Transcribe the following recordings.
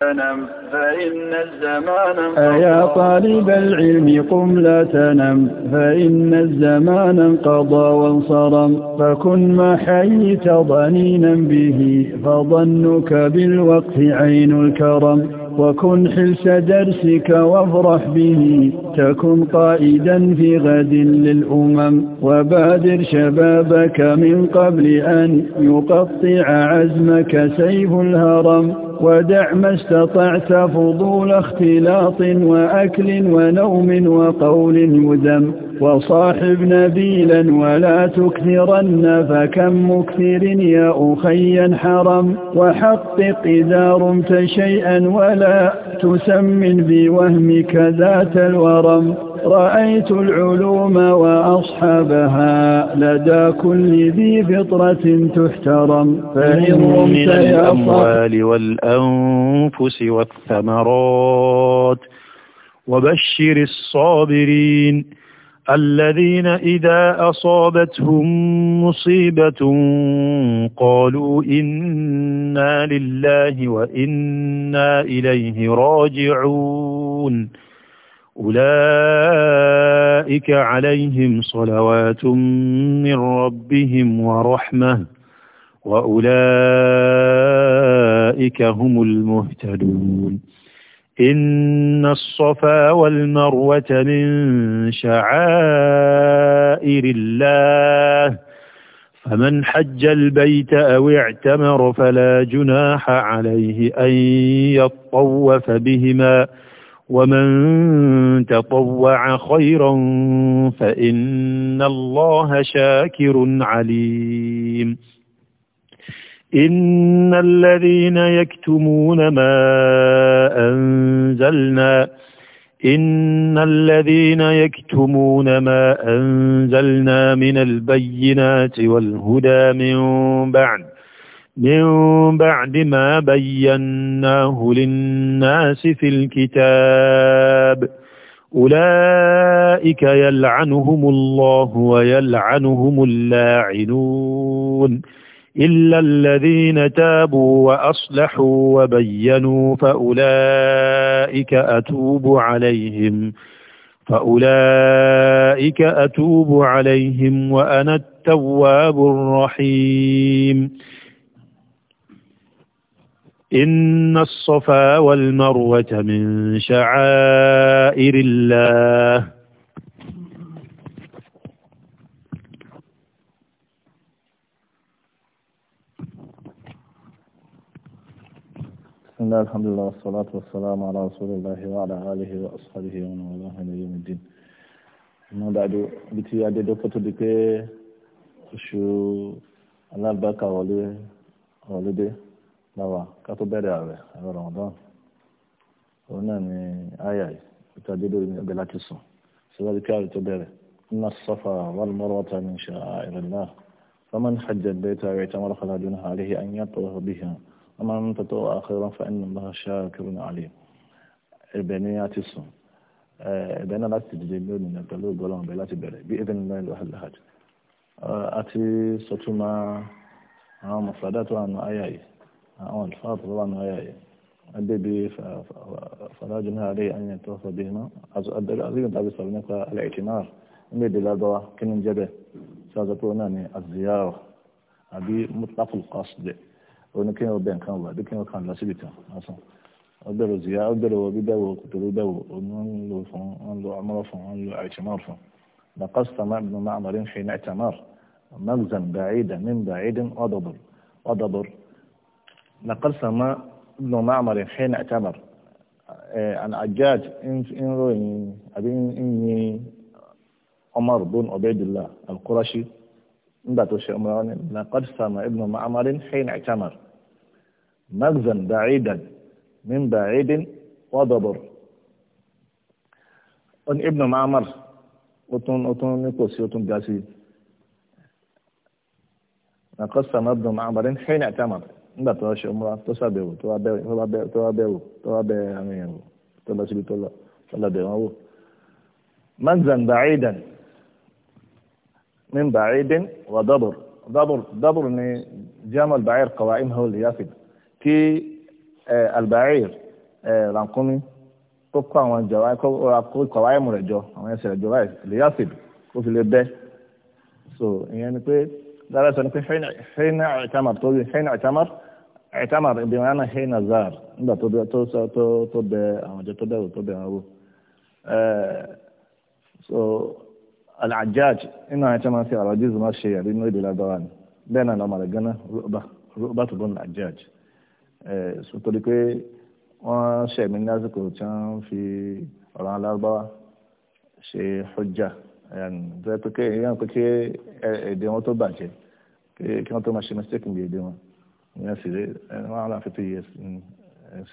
فإن الزمان أيا طالب العلم قم لا تنم فإن الزمان انقضى وانصرم فكن ما حييت ضنينا به فظنك بالوقت عين الكرم وكن حلس درسك وافرح به تكن قائدا في غد للأمم وبادر شبابك من قبل أن يقطع عزمك سيف الهرم ودع ما استطعت فضول اختلاط وأكل ونوم وقول مذم وصاحب نبيلا ولا تكثرن فكم مكثر يا أخي حرم وحقق إذا رمت شيئا ولا تسمن بوهمك ذات الورم رأيت العلوم وأصحابها لدى كل ذي فطرة تحترم فإن من الأموال والأنفس والثمرات وبشر الصابرين الذين إذا أصابتهم مصيبة قالوا إنا لله وإنا إليه راجعون أولئك عليهم صلوات من ربهم ورحمة وأولئك هم المهتدون إن الصفا والمروة من شعائر الله فمن حج البيت أو اعتمر فلا جناح عليه أن يطوف بهما فلا ومن تطوع خيرا فإن الله شاكر عليم إن الذين يكتمون ما أنزلنا إن الذين يكتمون ما أنزلنا من البينات والهدى من بعد من بعد ما بيناه للناس في الكتاب أولئك يلعنهم الله ويلعنهم اللاعنون إلا الذين تابوا وأصلحوا وبينوا فأولئك أتوب عليهم فأولئك أتوب عليهم وأنا التواب الرحيم إن الصفا والمروة من شعائر الله بسم الله الحمد لله والصلاة والسلام على رسول الله وعلى آله وأصحابه ومن والاه إلى يوم الدين أما بعد بتي أدي دكتور دكتور شو الله البركة ولي ولدي láwa ká tó bẹ̀rẹ̀ ààrẹ ààrẹ Ramadan òun náà ni àyà yìí ìta dé lórí ní ọbẹ̀ láti sùn síwájú kí ààrẹ tó bẹ̀rẹ̀ inna as-safa wal marwata min sha'airillah faman hajja al-bayta aw i'tamara fala junaha alayhi an yatawafa biha wa man tatawwa'a khayran fa inna Allaha shakirun alim ẹ̀bẹ̀ ni a ti sùn ẹ̀bẹ̀ náà láti dìde lónìí pẹ̀lú ìgbọ́lọ́n ọ̀bẹ láti bẹ̀rẹ̀ bí even nine lọ́hàlì hajj àti sọtúmọ̀ àwọn mọ̀fàdà tó wà nù àyà yìí أو فاطر طبعا أدي به فلا جناح عليه أن يتوفى بهما أريد أن أصل منك الاعتمار أمي بلادوا كن جبه سأذكرنا الزيارة أبي مطلق القصد ونكين ربين كان الله بكين وكان لا سبيتا أصلا أدروا زيارة أدروا بدوا وقتلوا دوا ونلو فون ونلو عمر فون ونلو اعتمار فن لقد سمع ابن معمر حين اعتمر مغزا بعيدا من بعيد وضبر وضبر نقل سما ابن معمر حين اعتمر آه، عن عجاج ان ان اني عمر بن عبيد الله القرشي بعده عمران لقد سما ابن معمر حين اعتمر مغزا بعيدا من بعيد وضبر ان ابن معمر وتون وتون نقص وتون قاسي نقص ابن معمر حين اعتمر nígbà tó ṣe ọmọ tó ṣàbẹ̀wò tó wá bẹ̀wò tó wá bẹ̀ àwọn èèyàn wò tó lọ síbi tó lọ tó lọ bẹ̀ wọ́n wò. manzan ba'idan min ba'idin wa dabur dabur dabur ni jamal ba'ir qawaim hol yafid kí alba'ir rankumi kó kó àwọn jọwá kó qawaim rẹ̀ jọ àwọn ẹsẹ̀ rẹ̀ jọ báyìí yafid kó fi lè bẹ́ so ìyẹn ni pé dára sọ ni pé hẹ́nà ìtàmàr tó bí hẹ́nà ìtàmàr. ẹ̀tàmà ìbìmọ̀ yánà ṣe nazar nígbà tó bẹ àwọn ọjọ́ tó bẹ̀rù tó bẹ̀rù owó so alajaj sí ṣe yàrá inú ni bẹ́ẹ̀ náà gánà rúbà tó alajaj so torí pé wọ́n ṣẹ̀mí ní àsìkò tí wọ́n fi ọ̀rọ̀ ṣe hujja tó yẹ pé kéèyàn na kí èdè wọn tó bàjẹ́ يا سيدي ما على فطية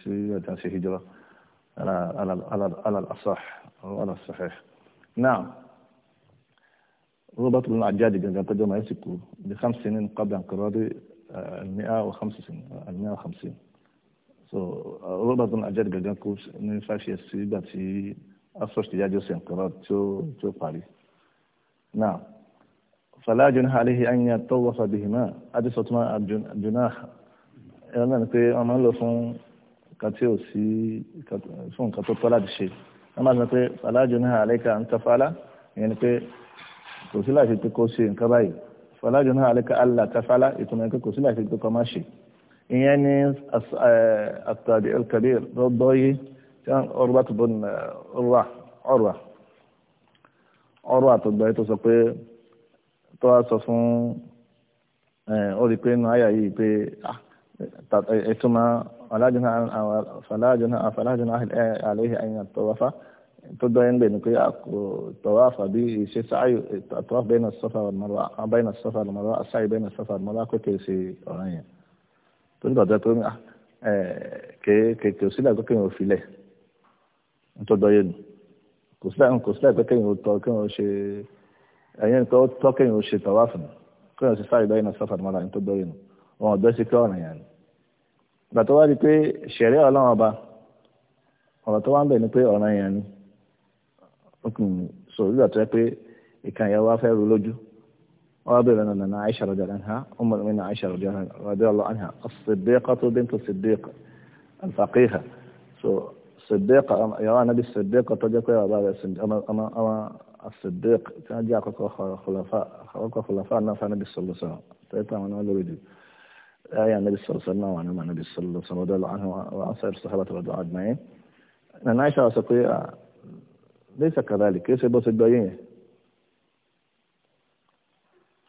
سي هجرة على على على على الأصح وعلى الصحيح نعم ربط بن العجاج قدم يمسك بخمس سنين قبل انقراض آه، المئة وخمس سنين المئة وخمسين so ربط بن العجاج قدم كوش من فاشي السيبات في أصوش تجاجي سنقراض تو تو قاري نعم fàlá junaha alayhi an yatawwafa bihima adisotuma junah ẹ̀rọ náà ni pé wọ́n máa ń lọ fún nǹkan tí ò sí fún nǹkan tó tọ́ láti ṣe wọ́n máa ń sọ pé fàlá junaha alayka an tafala ìyẹn ni pé kò sí láti pé kó ṣe nǹkan báyìí fàlá junaha alayka alla tafala ìtumọ̀ pé kò sí láti pé kó má ṣe ìyẹn ni àtàdé al-kabir tí wọ́n ọrùbá tó bọ́ ọrùwà ọrùwà ọrùwà tó gbọ́ yìí tó sọ pé tó wá sọ fún ó rí i pé nínú àyà yìí pé ìtumọ̀ fàlájọ́nà àlẹ́yìn àyìn àtọwáfá tó dọ́ yẹn ń bẹ̀ ni pé ah, tọwáfà bí ìṣe sáàyò tọwáfà bẹ́ẹ̀ náà sọ́fà àlùmọ́rọ́ abáyé náà sọ́fà àlùmọ́rọ́ àṣàyè bẹ́ẹ̀ náà sọ́fà àlùmọ́rọ́ akókè ṣe ọ̀ràn yẹn tó ń dọ̀jọ́ pé ah, kèké òsílẹ̀ pé kéèyàn ò tó dọ́ yẹn nù kò sílẹ̀ pé ẹ̀yẹ́ nìkan ó tọ́kẹ́ yìí ó ṣe tọ́wá fún kí wọ́n sì sáré lọ́yìn náà sọ́fà tó máa láyìn tó gbẹ́rẹ́ nù wọn ò bẹ́ẹ̀ sí pé ọ̀ràn yẹn ni. ìgbà tó wá di pé ṣẹ̀rí ọlọ́run ọba ọ̀rọ̀ tó wá ń bẹ̀ ni pé ọ̀ràn yẹn ni okùn sọ ìgbà tó yẹ pé ìkan ìyàwó wa ru lójú wọ́n bẹ̀rẹ̀ náà nana Aisha rọ̀jà anha ọmọ mi náà Aisha rọ̀jà umm rẹ̀ ọmọ الصديق كان جاء خلفاء خلق خلفاء الناس النبي صلى الله عليه وسلم تيتا وانا ولا يريد آية صلى الله عليه وسلم وعن النبي صلى الله عليه وسلم رضي عنه وعن سائر الصحابة رضي اجمعين انا نعيش على وسقية آه، ليس كذلك ليس بس الدين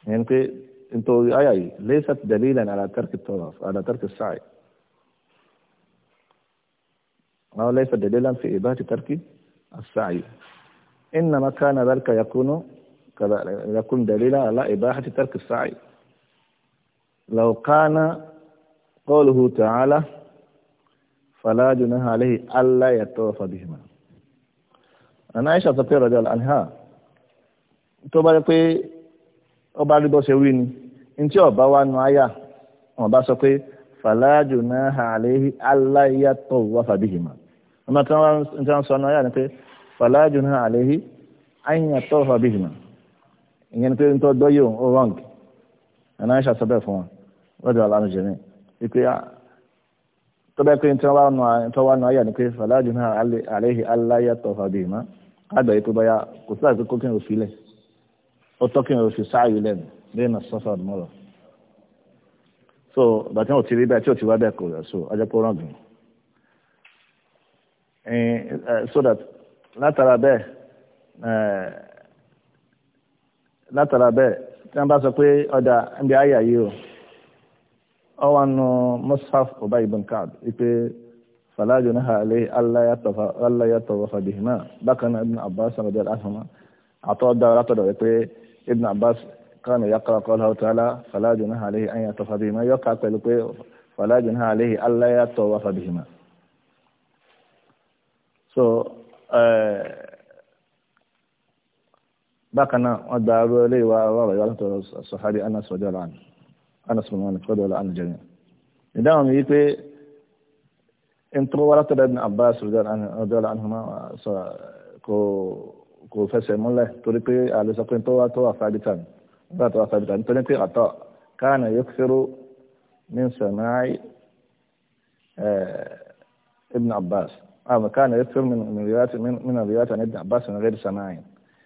يعني كي اي اي ليست دليلا على ترك الطواف على ترك السعي أو ليس دليلا في إباحة ترك السعي إنما كان ذلك يكون يكون دليلا على إباحة ترك السعي لو كان قوله تعالى فلا جناح عليه ألا يتوفى بهما أنا عائشة تقول رضي الله عنها tó bá rí pé ọba rí bó ṣe wí ni ntí ọba wa nu aya wọn bá sọ pé fala Fala junaha alayhi àyìn àtọ́fà bihima ìyẹn ni pé ń tọ́ dọ́yé òun ó wrong ẹ̀nà Aisha sọ bẹ́ẹ̀ fún wọn lọ́dọ̀ aláàánú jẹ̀mí wípé ah, tọ́bẹ̀ pé tí wọ́n wá ya ni alayhi bihima so batten wọn ò ti rí ba ti so so that látara bẹ́ẹ̀ eh, látara bẹ́ẹ̀ tí wọ́n bá sọ pé ọjà ń bí àyà yìí o ọ wà nù mushaf Ubay ibn Ka'b wípé fàlájò náà àlẹ́ aláyàtọ̀ fàdìhìmá bákan náà Ibn Abbas ọ̀dọ̀ àtọ̀mọ́ àtọ̀ dára látọ̀dọ̀ wípé Ibn Abbas kánà yàkàrà kọ́lá ọ̀tàlá fàlájò náà àlẹ́ àyàtọ̀ fàdìhìmá yọ̀ká pẹ̀lú pé fàlájò náà àlẹ́ aláyàtọ̀ fàdìhìmá. Eh, bákan náà wọ́n gba arú ilé ìwà ọ̀rọ̀ ìwà látọ̀rọ̀ sọ̀hábí anas rọ̀jọ́ ọ̀la àná anas mọ̀mọ́ ní kọ́dọ̀ ọ̀la àná jẹ́yìn ìdáhùn mi yí pé in tó wá látọ̀rọ̀ min sàmáì eh, ibn abbas أو كان يكثر من من روايات من من روايات عن ابن na من غير سماع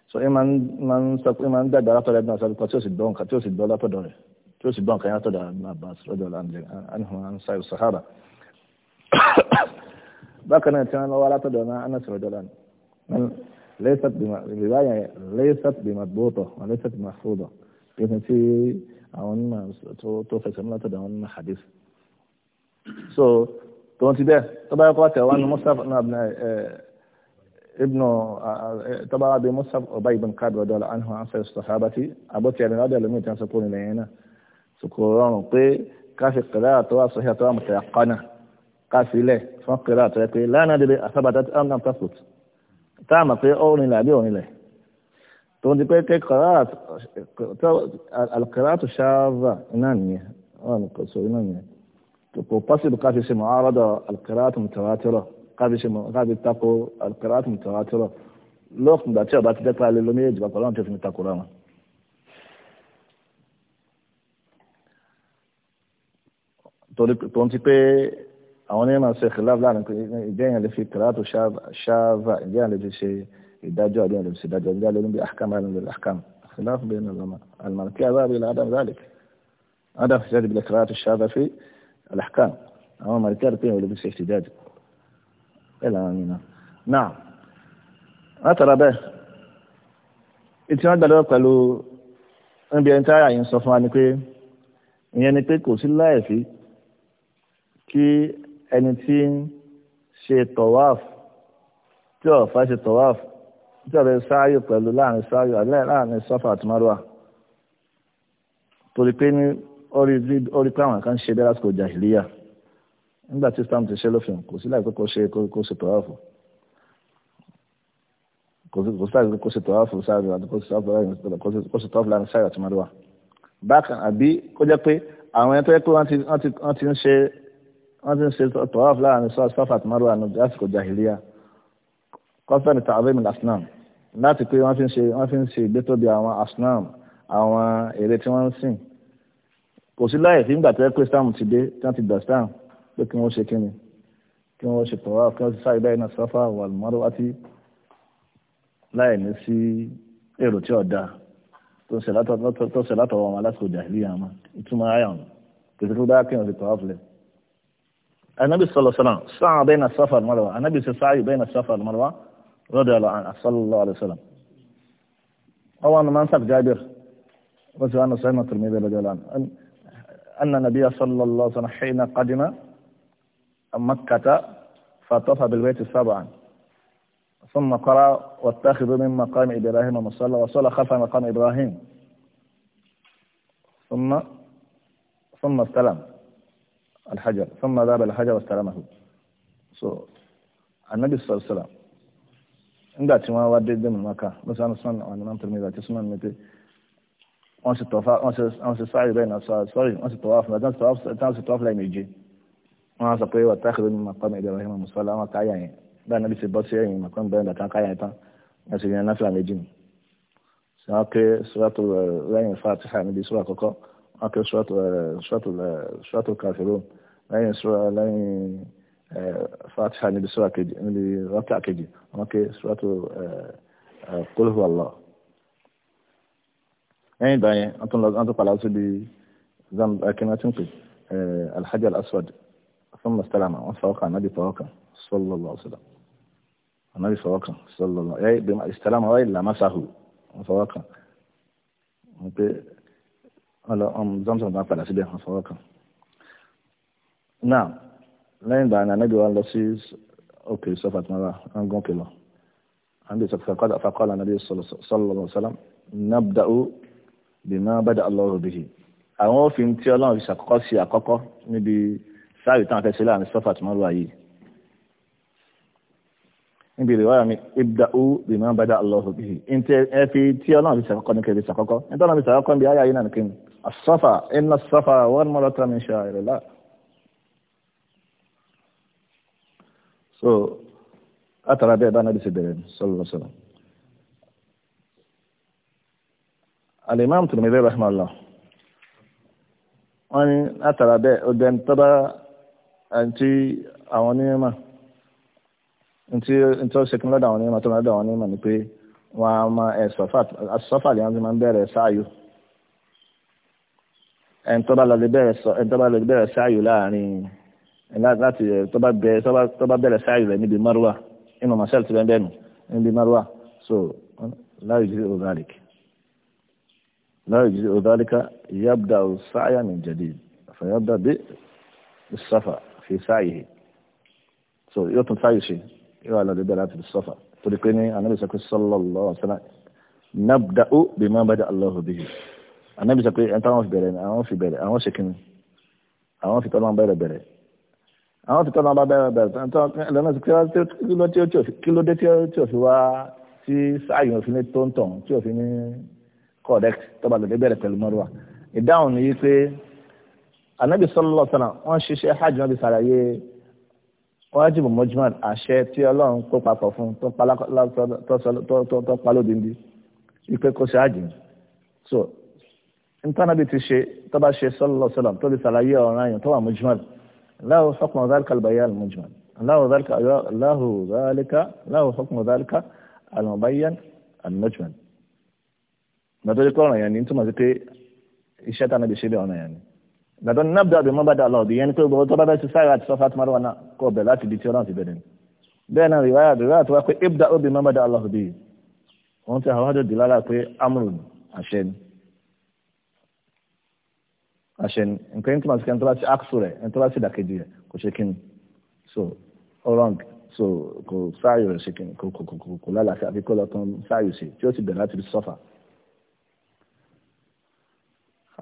so ima ma sọ pé ma ń dàgbà látọ̀dọ̀ ẹ̀dùn àṣàbí kan tí ó sì dán kan tí ó sì dán látọ̀dọ̀ rẹ̀ tí ó sì dán kan látọ̀dọ̀ ẹ̀dùn Abbas lọ́dọ̀ ọ̀làǹdẹ̀ anihun ansai sahaba bákan náà tí wọ́n lọ́wọ́ látọ̀dọ̀ náà anas lọ́dọ̀ lánà lẹ́sàt bímọ gbóòtọ̀ wọn lẹ́sàt bímọ fúdọ̀ ibi tí àwọn onímọ̀ tó fẹsẹ̀ mú látọ̀dọ̀ àwọn onímọ̀ hadis. so tòun ti bẹ́ẹ̀ tó bá yẹ kó tẹ̀ wá ní mustapha náà ibnu tọ́bára bíi musaf ọba ibn kabi ọ̀dọ́ anhu ansa sọ̀hábàtì àbọ̀tì ẹ̀rìn ọ̀dọ́ ẹ̀lómi ìtàn sọ́kò nílẹ̀ yẹn náà sọkò rọrùn pé káfí kẹlẹ́ àtọ́wà sọ́hí àtọ́wà mọ̀tẹ́ àkọ́nà káfí lẹ̀ fún kẹlẹ́ àtọ́wà pé lánàá dèrè àsábàtà ọ̀nà passport táàmà pé ó rìn làbí òrin lẹ̀ tó ń di pé kẹkọ̀ọ́ àlùkẹ́rẹ́ àtúnṣáàvà náà nìyẹn تتصل قافية معارضة القراءات المتواترة قافية قافية تقو القراءات المتواترة لوقت ده تشابه تقرأ للمية جبا قرآن تفهم التقرآن tó ń ti pé àwọn onímọ̀ ṣe kìláàbù láàrin pé ìjẹ́yìn lè fi kìláàtù ṣáàvà ìjẹ́yìn lè fi ṣe ìdájọ́ àbí lè fi ṣe ìdájọ́ ìjẹ́yìn lè fi àkàmù àbí lè àkàmù kìláàbù bẹ́ẹ̀ ni ọ̀lọ́mọ àlùmọ̀lùkí àbá àbí làádàm dáàlì àdàm ṣe àdìbìlẹ̀ kìláàtù ṣáàvà fi alahkam àwọn mọ̀lẹ́kẹ́ rẹ̀ pé ìwọ̀n ló fi ṣe ìṣèjáde bẹ́ẹ̀ làwọn yìí náà. náà látara bẹ́ẹ̀ etí wọn gbàdúrà pẹ̀lú níbi ẹni tí àyà yìí ń sọ fún wa ni pé ìyẹn ni pé kò sí láìfí kí ẹni tí ń ṣe tọ̀wáàf tí ọ̀fà ṣe tọ̀wáàf tí ọ̀rẹ́ sáyò pẹ̀lú láàrin sáyò àti láàrin sọ́fà àti márùwà torí pé ní orí pé àwọn kan ṣe bẹ́ẹ̀ lásìkò jàhìlíyà nígbà tí islam ti ṣe lófin kò sí láì kókó ṣe kó ṣe tọ́wáfù kò sí láì kókó ṣe tọ́wáfù sáàbì àti kó ṣe tọ́wáfù láàrin sáàbì àti mọ́lúwà bákan àbí kó jẹ́ pé àwọn ẹni tó yẹ pé wọ́n ti ń ṣe wọ́n ti ń ṣe tọ́wáfù láàrin sáàbì àti mọ́lúwà lásìkò jàhìlíyà kọ́fẹ́ni tààbí mi lásìnàm láti pé wọ́n fi ń ṣe ìgbé tóbi àwọn àsìnàm àwọn èrè tí wọ́n ń sìn kò sí láyè fi ńgbà tẹ́ pé sáàmù ti dé tí wọ́n ti gbà sáàmù pé kí wọ́n ṣe kíni kí wọ́n ṣe tọ́wá kí wọ́n ti sáré báyìí náà sáfà wà lùmọ́rọ́ wá tí láyè ní sí èrò tí ọ̀dà tó ń ṣe látọ̀wọ́ wọn lásìkò jàhìlì yàn máa ìtumọ̀ ayà wọn kò sí tó dáa kí wọ́n ti tọ́wá filẹ̀. anabi sọlọ sọlọ sáà bẹ́ẹ̀ náà sáfà lùmọ́rọ́ wa anabi ṣe sáàyè bẹ́ẹ̀ náà sáfà lùmọ́rọ́ wa rọ́dọ̀ أن النبي صلى الله عليه وسلم حين قدم مكة فطاف بالبيت سبعا ثم قرأ واتخذوا من مقام إبراهيم مصلى وصلى خلف مقام إبراهيم ثم ثم استلم الحجر ثم ذهب الحجر واستلمه so النبي صلى الله عليه وسلم عندما ti tí من مكة مثلا dé mọ̀ọ́ká lọ́sàn-án sọ́nà àwọn ìmọ̀ tẹ̀lé wọ́n sì tọ́fà wọ́n sì sáré bẹ́ẹ̀ náà sọ́rí wọ́n sì tọ́wá fún ẹ̀tàn sì tọ́wá fúnlẹ̀ méje wọ́n á sọ pé wọ́n táàkiri ní màkọ́mì Ibrahim mùsọ́lá wọn káyà yẹn báyìí náà bí ṣe bọ́ sí ẹ̀yìn màkọ́mì bẹ́ẹ̀ dàtà káyà yẹn tán wọ́n sì yẹn náfìlà méjì ni. wọ́n ké sọ́tò eh, lẹ́yìn Fatiha níbi sọ́rọ̀ àkọ́kọ́ wọ́n ké sọ́tò eh, eh, kafirun lẹ́yìn Fatiha níbi sọ́rọ̀ àkejì níbi wọ́n ké sọ́tò kólóhùn Allah lẹ́yìn ìgbà yẹn wọ́n tún lọ wọ́n tún padà síbi akínátìǹkì alhaji al-aswad fún mùsùlùmá wọ́n fọwọ́ kan anábì fọwọ́ kan sallallahu alaihi wasallam anábì fọwọ́ kan sallallahu ẹ̀ bẹ́ẹ̀ ìsìlámà wáyé làmásáhù wọ́n fọwọ́ kan wọ́n pé wọ́n lọ zamzam bá padà síbẹ̀ wọ́n fọwọ́ kan. náà lẹ́yìn ìgbà yẹn anábì wọn lọ sí òkè sọfà tí wọ́n wà wọ́n gún òkè lọ. anábì sọ fàkọ́lá anábì sallallahu alaihi wasallam nabda'u bìmọ bàdà Allahu bihi àwọn òfin tí Ọlọ́run fi ṣàkọ́kọ́ sí àkọ́kọ́ níbi sáàrì táwọn fẹsẹ̀ láàrin sọfà tí wọn wà yìí níbi ìrìwáyà mi ibda'u bìmọ bàdà Allahu bihi ẹ fi tí Ọlọ́run fi ṣàkọ́kọ́ ní kẹrì ṣàkọ́kọ́ nítorí Ọlọ́run fi ṣàkọ́kọ́ níbi ayé ayé náà nìkan as-safa inna as-safa wal marwata min sha'irillah so látara bẹ́ẹ̀ bá nàbí ṣe bẹ̀rẹ̀ sọ́lọ́sọ́lọ́ alimam tìrìmìlẹ̀ rahmanullah wọ́n ní látara bẹ́ẹ̀ ọdẹ tọ́ba àti àwọn onímọ̀ ntí ntí ó ṣèkún lọ́dọ̀ àwọn onímọ̀ tó lọ́dọ̀ àwọn onímọ̀ ni pé wọ́n á máa ẹ̀ sọ́fà sọ́fà lè wọ́n ti máa ń bẹ̀rẹ̀ sáàyò ẹni tó bá lọ lè bẹ̀rẹ̀ sáàyò láàrin láti tó bá bẹ̀rẹ̀ sáàyò rẹ̀ níbi marwa inú masal ti bẹ́ẹ̀ bẹ́ẹ̀ nù níbi marwa so láyé ìdílé ọ̀gáàlìkì. لا يجزئ ذلك يبدأ السعي من جديد فيبدأ بالصفا في سعيه so yóò tún sáyé ṣe yóò lọ débẹ̀ láti sọ́fà torí pé ní anábìsọ pé sallallahu alaihi wasallam nabda'u bima bada Allahu bihi anábìsọ pé ẹni táwọn fi bẹ̀rẹ̀ ni àwọn fi bẹ̀rẹ̀ àwọn ṣe kíni àwọn fi tọ́lọ́ bẹ̀rẹ̀ bẹ̀rẹ̀ àwọn fi tọ́lọ́ bẹ̀rẹ̀ bẹ̀rẹ̀ lọ́nà sí kí ló dé tí ó fi wá tí sáyé òfin ní tóńtàn tí òfin ní correct tó bá lè bẹ̀rẹ̀ pẹ̀lú mọ́rùwà ìdáhùn ni wípé anabi sallallahu alaihi wasallam wọ́n ṣiṣẹ́ hajj wọn bí sàlàyé wájibù mujmal àṣẹ tí ọlọ́run tó papọ̀ fún tó palódindi wípé kó ṣe hajj so ntànàbí ti ṣe tó bá ṣe sallallahu alaihi wasallam tó bí sàlàyé ọ̀ràn àyàn tó wà mujmal lahu hukmu dhalika al-bayan al-mujmal lahu dhalika lahu dhalika lahu hukmu dhalika al-mubayyan al-mujmal gbàtọ́jú pé ọ̀ràn yẹn ni túmọ̀ sí pé iṣẹ́ tá a náà lè ṣe bẹ́ẹ̀ ọ̀ràn yẹn ni gbàtọ́ ní nàbdà bí wọ́n bá dà lọ bí yẹn ni pé gbogbo tó bá bẹ́ẹ̀ ti sáyà àti sọ́fà tó máa wà náà kọ́ ọ̀bẹ̀ láti ibi tí ọlọ́run ti bẹ̀rẹ̀ ni bẹ́ẹ̀ náà rìwáyà rìwáyà tó wá pé ibda obi wọ́n bá dà lọ bí wọ́n ti àwọn àdòdì lára pé amúrù àṣẹ ni àṣẹ ni nǹkan yín túmọ̀ sí so ọlọ́run so kò sáyò rẹ̀ ṣe kí ni kò kò kò kò lálàáfíà àbí kó lọ́tún sáyò ṣe tí ó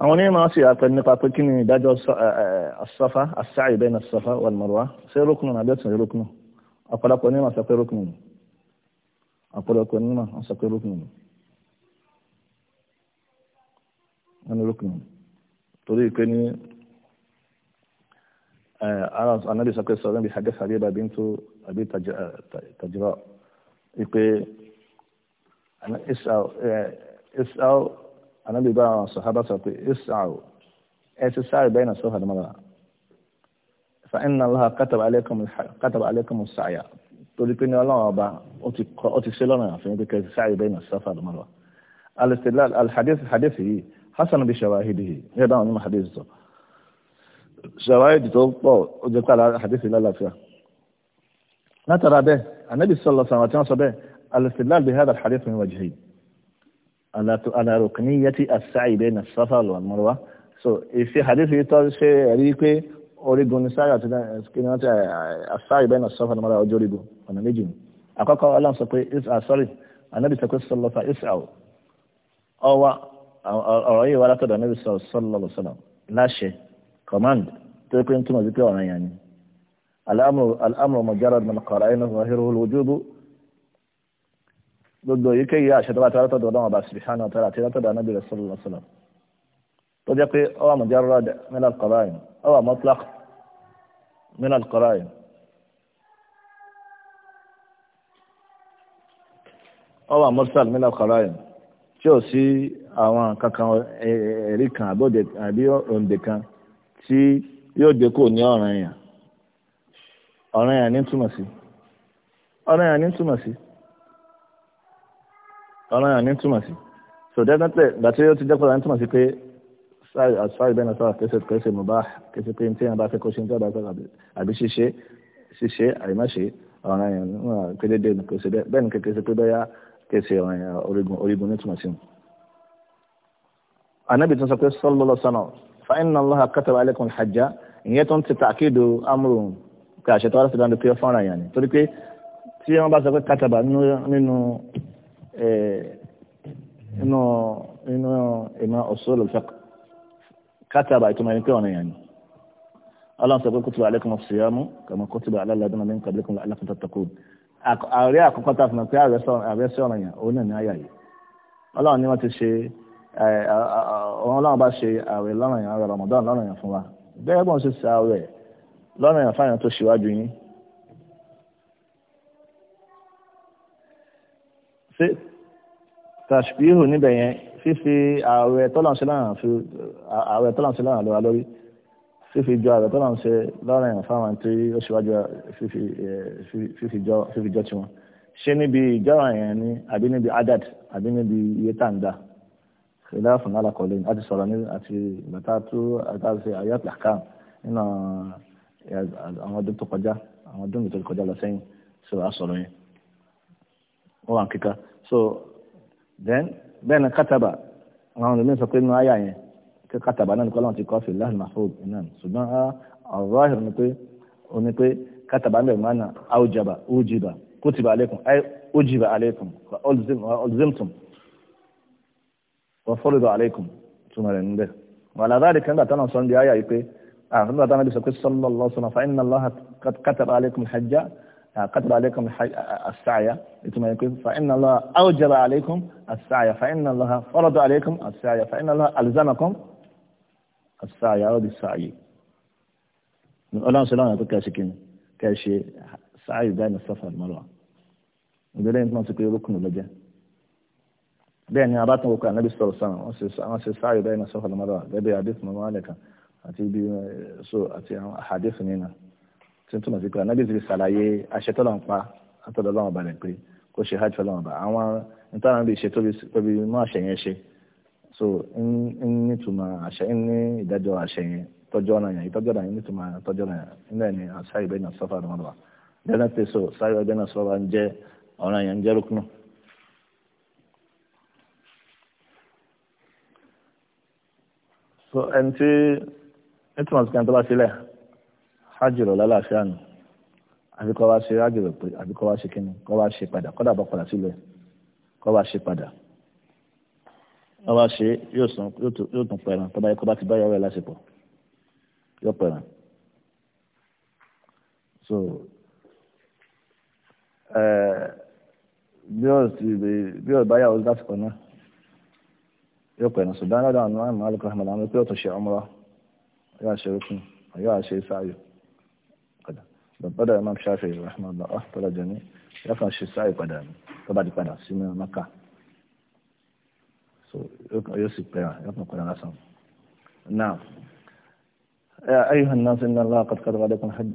àwọn onímọ̀ ṣe àpẹẹrẹ nípa pé kí ni ìdájọ́ asafa asa'i bẹ́ẹ̀ asafa wal marwa ṣé rókùnù àbí ọ̀tún rókùnù ọ̀pọ̀lọpọ̀ onímọ̀ sọ pé rókùnù ni ọ̀pọ̀lọpọ̀ onímọ̀ sọ pé rókùnù ni wọ́n ní rókùnù ni torí pé ní anabi sọ pé sọ̀rọ̀ níbi hadith Habiba bintu àbí tajira ipe isaw anábì bá àwọn sọ̀hábà sọ pé ìsàrò ẹ ti sáré bẹ́ẹ̀ náà sọ́fà lọ́mọ́ra fa inna Allaha kataba alaykum sàyà torí pé ní ọlọ́run ọba ó ti ṣe lọ́nà àfihàn pé kẹ́sì sáré bẹ́ẹ̀ náà sọ́fà lọ́mọ́ra al-istidlal al-hadith hadith yìí hasan bi shawahidihi ní ẹ̀dá àwọn onímọ̀ hadith sọ shawahidi tó pọ̀ ó jẹ́ pé hadith lálàáfíà látara bẹ́ẹ̀ anábì sọ̀lọ̀ sàwọn tí wọ́n sọ bẹ́ẹ̀ al-istidlal bi hadha al-hadith min wajhihi ala rukniyati as-sa'i bayna as-safa wal marwa so ife hadith yìí tọ́ ṣe rí pé orígun ní sáyà àti kíni wọ́n ti eh, as-sa'i bayna as-safa wal marwa ọjọ́ orígun ọ̀nà méjì ni àkọ́kọ́ sorry anabi sọ pé sọlọ́fà is'a o ọwa ọ̀rọ̀ yìí wà látọ̀dọ̀ anabi sọ sọlọ́lọ́ sọlọ́ command tó pé ń túmọ̀ sí pé ọ̀ràn yẹn ni al-amru al-amru mujarrad min qara'inahu zahiruhu al-wujubu gbogbo èyíkéyìí àṣẹ tó bá tẹ́lẹ̀ tọ́dọ̀ ọlọ́run ọba subhanahu wa ta'ala àti látọ̀dọ̀ anábì rẹ̀ sallallahu alaihi wasallam tó jẹ́ pé ọwọ́ mujarrad min al-qara'in ọwọ́ mutlaq min al-qara'in ọwọ́ mursal min al-qara'in tí ó sí àwọn kankan ẹ̀rí kan àbóde àbí òǹdè kan tí yóò dé kò ní ọ̀ràn yẹn ọ̀ràn yẹn ní túmọ̀ sí ọ̀ràn yẹn ní túmọ̀ sí ọ̀ràn yàn ní túmọ̀ sí so definitely bàtí ó ti jẹ́ pọ̀lá ní túmọ̀ sí pé as far as bẹ́ẹ̀ náà sára kẹsẹ̀ kẹsẹ̀ mọ̀ bá kẹsẹ̀ pé tí yàn bá fẹ́ kó ṣe ń tẹ́ ọ̀dà àbí ṣíṣe ṣíṣe àìmáṣe ọ̀ràn yàn níwọ̀n kéde ní kẹsẹ̀ bẹ́ẹ̀ ni kẹsẹ̀ pé bẹ́yà kẹsẹ̀ ọ̀ràn yàn orígun orígun ní túmọ̀ sí. anabi tún sọ pé sallallahu sana fa inna allaha kataba alaykum hajja ìyẹn tó ń ti tàkìdù amúrùn kí àṣetọ́ inú inú ìmọ̀ usul al-fiqh kátàbà ìtumọ̀ ẹni pé ọ̀nà yẹn ni ọlọ́run sọ pé kutiba alaykum as-siyamu kama kutiba ala alladhina min qablikum la'allakum tattaqun ààrẹ àkọ́kọ́ tá a fún mi pé ààrẹ sí ọ̀nà yẹn òun náà ní àyà yìí ọlọ́run ni wọ́n ti ṣe ọlọ́run bá ṣe ààrẹ lọ́nà yẹn ààrẹ Ramadan lọ́nà yẹn fún wa bẹ́ẹ̀ bọ́n ṣe ṣe ààrẹ lọ́nà yẹn fáyẹn tó ṣíwájú yín ṣé tàṣbíhù níbẹ̀ yẹn fífi ààrẹ tọ́lànṣẹ́làrán fi ààrẹ tọ́lànṣẹ́làrán lọ́wọ́ lórí fífi jọ ààrẹ tọ́lànṣẹ́ lọ́rọ̀ yẹn fáwọn tí ó ṣíwájú fífi jọ tiwọn ṣé níbi ìjọra yẹn ni àbí níbi adad àbí níbi iye tàǹdà ìlà fún alákọ̀ọ́lẹ̀ àti sọ̀rọ̀ ní àti bàtà tó àtàṣe àyàtà kan nínú àwọn ọdún tó kọjá àwọn ọdún tó kọjá lọ sẹ́yìn sọ̀rọ̀ yẹn wọn wà kíkà so then bẹ́ẹ̀ ni kátàbà àwọn olùmí sọ pé nínú àyà yẹn kí kátàbà náà nìkan láwọn ti kọ́ fìlà mahfud náà ṣùgbọ́n ah, ọ̀rọ̀ àhìrì ni pé ó ní pé kátàbà náà máa na àwùjàbà òjìbà kùtìbà àlékún ẹ òjìbà àlékún ọ̀lùzimtum wọ́n fọ́lùdọ̀ àlékún túmọ̀ rẹ̀ níbẹ̀ wàlá dáàdì kan gbàtà náà sọ ní àyà yìí pé ah, àwọn àtúntò قدر عليكم السعي فإن الله أوجب عليكم السعي فإن الله فرض عليكم السعي فإن الله ألزمكم السعي أو بالسعي من أولان سلام يقول كاشكين كاشي سعي بين الصفا والمروة ودلين ما تقول ركن ولا جه بين عبادة وقع النبي صلى الله عليه وسلم وسي سعي بين الصفا والمروة ده بحديث ممالكة أتي بي سو أتي حديث نينا tí ń túmọ̀ sí pé anábìsí fi ṣàlàyé àṣẹ tọ́lọ̀ ń pa àtọ́lọ́ ọlọ́run ọba rẹ̀ pé kó ṣe hajj fọlọ́run ọba àwọn nítorí bí ṣe tóbi mọ́ àṣẹ yẹn ṣe so ń nítumọ̀ àṣẹ ń ní ìdájọ́ àṣẹ yẹn tọ́jú ọ̀nà yẹn ìtọ́jú ọ̀nà yẹn nítumọ̀ tọ́jú ọ̀nà yẹn nílẹ̀ ni àṣà ìbẹ́ náà sọ́fà lọ́wọ́ lọ́wọ́ lẹ́nà pé so sáyọ̀ ìbẹ́ náà sọ́fà ń jẹ́ ọ̀nà yẹn ń jẹ́ rúkúnù. so ẹni tí nítumọ̀ sí kan tó bá hajjìrò lálàáfíà nù àbí kọ́ wá ṣe hajjìrò pé àbí kọ́ wá ṣe kínní kọ́ wá ṣe padà kọ́ dàbọ̀ padà sílẹ̀ kọ́ wá ṣe padà kọ́ wá ṣe yóò sàn yóò tún pẹ̀ràn tó bá yẹ kó bá ti bá yàwó ẹ̀ lásìkò yóò pẹ̀ràn so bí ọ̀rọ̀ ti bí ọ̀rọ̀ bá yàwó lásìkò náà yóò pẹ̀lú ṣùgbọ́n lọ́dọ̀ àwọn ọmọ alùpùpù àmàlà wọn pé ọ̀tún ṣe ọmọ yóò ṣe orúkún yóò ṣe sáyò بدأ إمام شافعي رحمه الله طلع جميع يفهم شي سعي قدامي طبعا دي قدام سينا مكة so يوسف قيام يفهم قدام أسام نعم يا أيها الناس إن الله قد كتب عليكم حج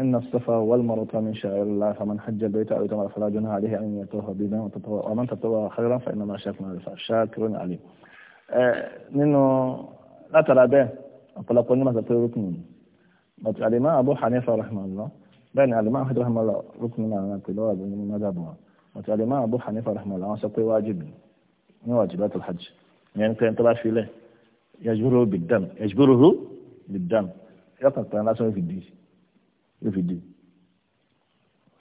إن الصفا والمروة من شعائر الله فمن حج البيت أو تمر فلا جناح عليه أن يطوف بهما ومن تطوع خيرا فإنما شاكر شاكر عليم لا ترى به اقول ní màsà pé rúkùn but alimá abu hanifa rahmanullah bẹ́ẹ̀ ni alimá ahmed rahmanullah rúkúnú náà náà pẹ̀lú ọ̀rọ̀ ní mọ́dàbọ̀ wọn but alimá abu hanifa rahmanullah wọn sọ pé wájibì ní wajibatul hajj ìyẹn pé tó bá filẹ̀ yajburuhu bid-dam yajburuhu bid-dam yọkàn kan lásán yóò fi di yóò fi di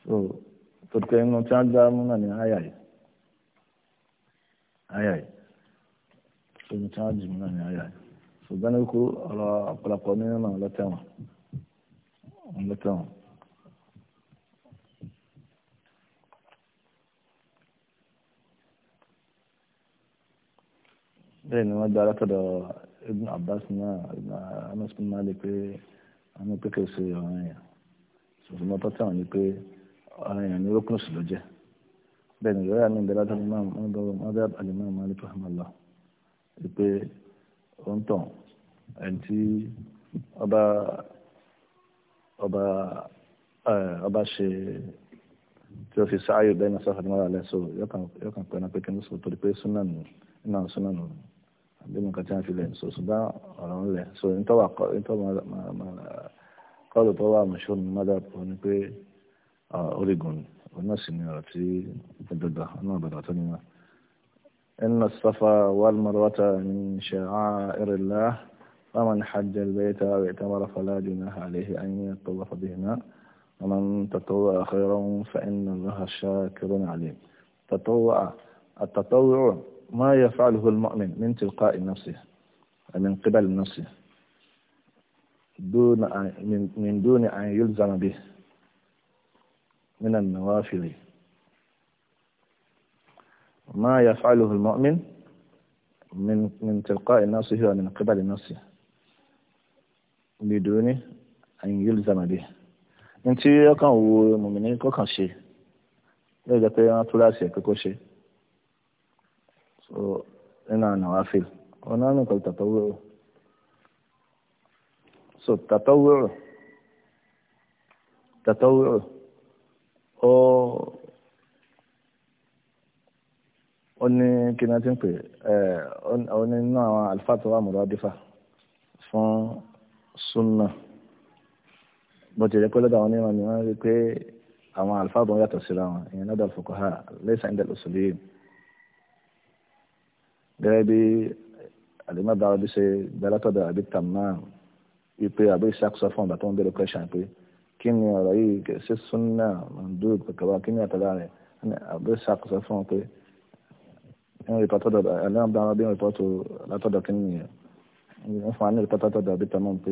so tó kẹ́ inú tí wọ́n dá mú náà ní àyà yìí àyà yìí tó kẹ́ inú tí wọ́n dì mú náà ní àyà yìí ṣùgbọ́n ní kú ọ̀rọ̀ ọ̀pọ̀lọpọ̀ nínú náà lọ́tẹ̀wọ̀n ọmọtọ́hún. bẹ́ẹ̀ ni wọ́n gba alátọ̀dọ̀ ibn abbas náà anas bin malik pé àwọn pé kò ṣe ọ̀ràn yẹn ṣùgbọ́n mọ́tọ́ tí àwọn ní pé ọ̀ràn yẹn ni rókùnù sí ló jẹ́ bẹ́ẹ̀ ni ìrora mi bẹ̀rẹ̀ látọ̀dọ̀ imam madhab alimam malik rahmanullah wípé ó ń tàn ẹni tí ọba ọba ọba ṣe tí ó fi ṣááyò bẹ́ẹ̀ náà sáfà níwájú alẹ́ so yóò kàn pẹ́ náà pé kí n sọ torí pé súnà nù náà súnà nù bí mo kàn ti fi lẹ̀ so ṣùgbọ́n ọ̀rọ̀ ń lẹ̀ so ní tọ́wà kọ́ọ̀lù tó wà mọ̀ṣọ́ ní mádàpọ̀ ni pé orígun òun náà sì ni ọ̀rọ̀ tí ìdọ̀dọ̀ náà bẹ̀rẹ̀ tó nínú. إن الصفا والمروة من شعائر الله فمن حج البيت أو اعتمر فلا جناح عليه أن يتطوف بهما ومن تطوع خيرا فإن الله شاكر عليم تطوع التطوع ما يفعله المؤمن من تلقاء نفسه من قبل نفسه دون من, من دون أن يلزم به من النوافل ما يفعله المؤمن من من تلقاء نفسه ومن قبل نفسه bìdúní àyìngílì zamadi ní tí ọkàn wo mùmíní kọkàn ṣe yóò jẹ pé wọn túra sí ẹkọ ṣe so nínú àná wa fèl wọn náà nìkan tàtọwúrò so tàtọwúrò tàtọwúrò ó ó ní kí ni wọn ti ń pè ẹ ó ní nínú àwọn àlùfáà tó wà mọ̀lọ́dífà fún súnà bó ti jẹ́ pé lọ́dọ̀ àwọn onímọ̀ ni wọ́n rí pé àwọn àlùfáà bọ̀ yàtọ̀ síra wọn ìyẹn lọ́dọ̀ fuqaha laysa inda al-usuliyyin gẹ́gẹ́ bí àlùmọ́ bá wọn bí ṣe gbẹ́látọ̀dọ̀ àbí tàmá ipe àbí ìṣàkóso fún ọ̀gbà tó ń bẹ̀rẹ̀ kẹ́sàn pé kí ni ọ̀rọ̀ yìí ṣe súnà mandub kẹkẹwà kí ni àtàlà rẹ̀ àbí ìṣàkóso fún ọ pé ẹ̀rọ ìpàtọ́dọ̀ wọ́n fún wa ní ìpátátọ̀ dàbí tamam pé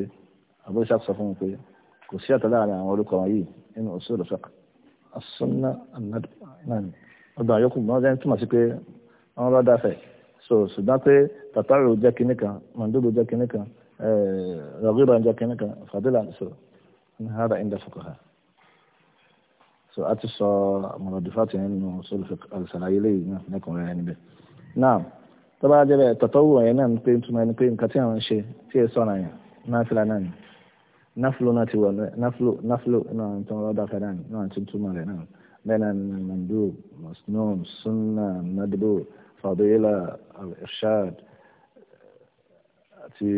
àbúrò sáà sọ fún mi pé kò sí àtàlà àárín àwọn orúkọ wọn yìí nínú usul al-fiqh as-sunnah àyọkù náà jẹ́ túmọ̀ sí pé wọ́n lọ́ọ́ dáfẹ́ so ṣùgbọ́n pé tàtàrò jẹ́ kinní kan mọ̀ndóbò jẹ́ kinní kan rọ̀gìbà jẹ́ kinní kan fàdílà so ní hàdà inda fuqaha so a ti sọ mọ̀rọ̀dùfà tì nínú usul al-fiqh àlùsàlàyé tó bá jẹ́ bẹ́ẹ̀ tọ̀tọ́wù ọ̀yẹ́ náà ni pé túmọ̀ ẹni pé nǹkan tí àwọn ń ṣe tí ẹ sọ̀rọ̀ yẹn náfìlà náà ni náfìlò náà ti wọ̀ náfìlò náfìlò náà tó ń rọ́bà fẹ́ náà náà ti túmọ̀ rẹ̀ náà bẹ́ẹ̀ náà ni mandu musnun sunna nadbo fadila irshad àti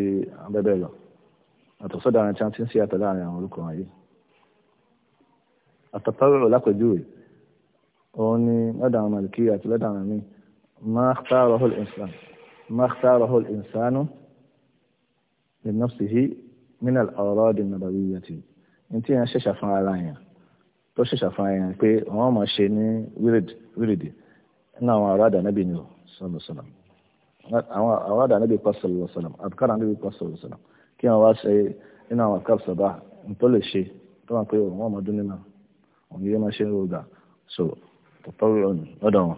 abẹ́bẹ́ lọ àtọ̀sọ́dọ̀ àwọn tí wọ́n ti ń ṣe àtọ̀ láàrin àwọn orúkọ wọn yìí àtọ̀tọ̀rọ̀ lápẹ̀júwe òun ni lọ́dọ̀ àwọn màlìkí àti lọ́dọ̀ àwọn míì ما اختاره الإنسان ما اختاره الإنسان لنفسه من الأعراض النبوية انت يا شيخ فان رايا tó ṣẹ̀ṣà fún ayẹyẹ pé wọ́n máa ṣe ní wíìrìdì nínú àwọn ará àdánẹ́bì ni ó sọ̀rọ̀ sọ̀rọ̀ àwọn ará àdánẹ́bì kọ́ sọ̀rọ̀ sọ̀rọ̀ àbíkárà níbi kọ́ sọ̀rọ̀ sọ̀rọ̀ kí wọ́n wá ṣe nínú àwọn àkàbù sọ̀bà tó lè ṣe tó wà pé wọ́n máa dún nínú òun yé máa ṣe ń rògbà so tọ́tọ́ lọ́dọ̀ wọn.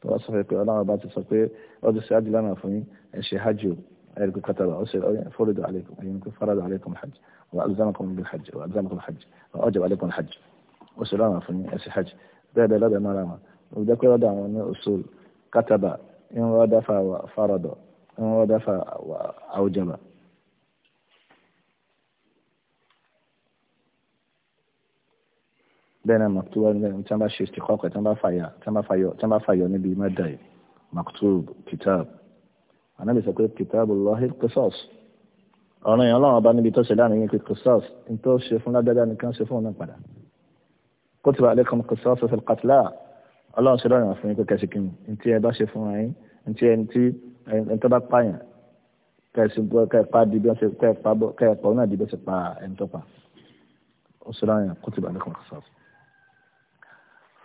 tó wá sọ fẹ́ pé ọlọ́run bá ti sọ pé ọdún sí ájú lánàá fún yín ẹ ṣe hajj o ẹ̀rìkú kataba ó ṣe fọ́rọ̀dọ̀ alaykum ẹ̀yìn kó fọ́rọ̀dọ̀ alaykum hajj wa alzamakum bil hajj wa alzamakum hajj wa ọjọ́ alaykum hajj ó ṣe lánàá fún yín ẹ ṣe hajj bẹ́ẹ̀ bẹ́ẹ̀ lọ́dọ̀ mọ́ra wọn ó jẹ́ pé lọ́dọ̀ àwọn ní usul kataba in wọ́n dáfà fọ́rọ̀dọ̀ in wọ́n dáfà àwùjọba bẹ́ẹ̀ náà maktuba ní ẹni tí wọ́n bá ṣe istikọ́kọ̀ tí wọ́n bá fàyọ tí wọ́n bá fàyọ níbi mẹ́ta yìí maktub kitab anábì sọ pé kitabullahi qisas ọ̀rọ̀ yẹn ọlọ́run ọba níbi tó ṣe láàrin yín pé qisas ní tó ṣe fún lágbájá nìkan ṣe fún òun náà padà kutiba alaykum qisas fil qatla ọlọ́run ṣe lọ́rùn fún yín pé kẹsì kí ni tí ẹ bá ṣe fún yín tí ẹni tí ẹni tó bá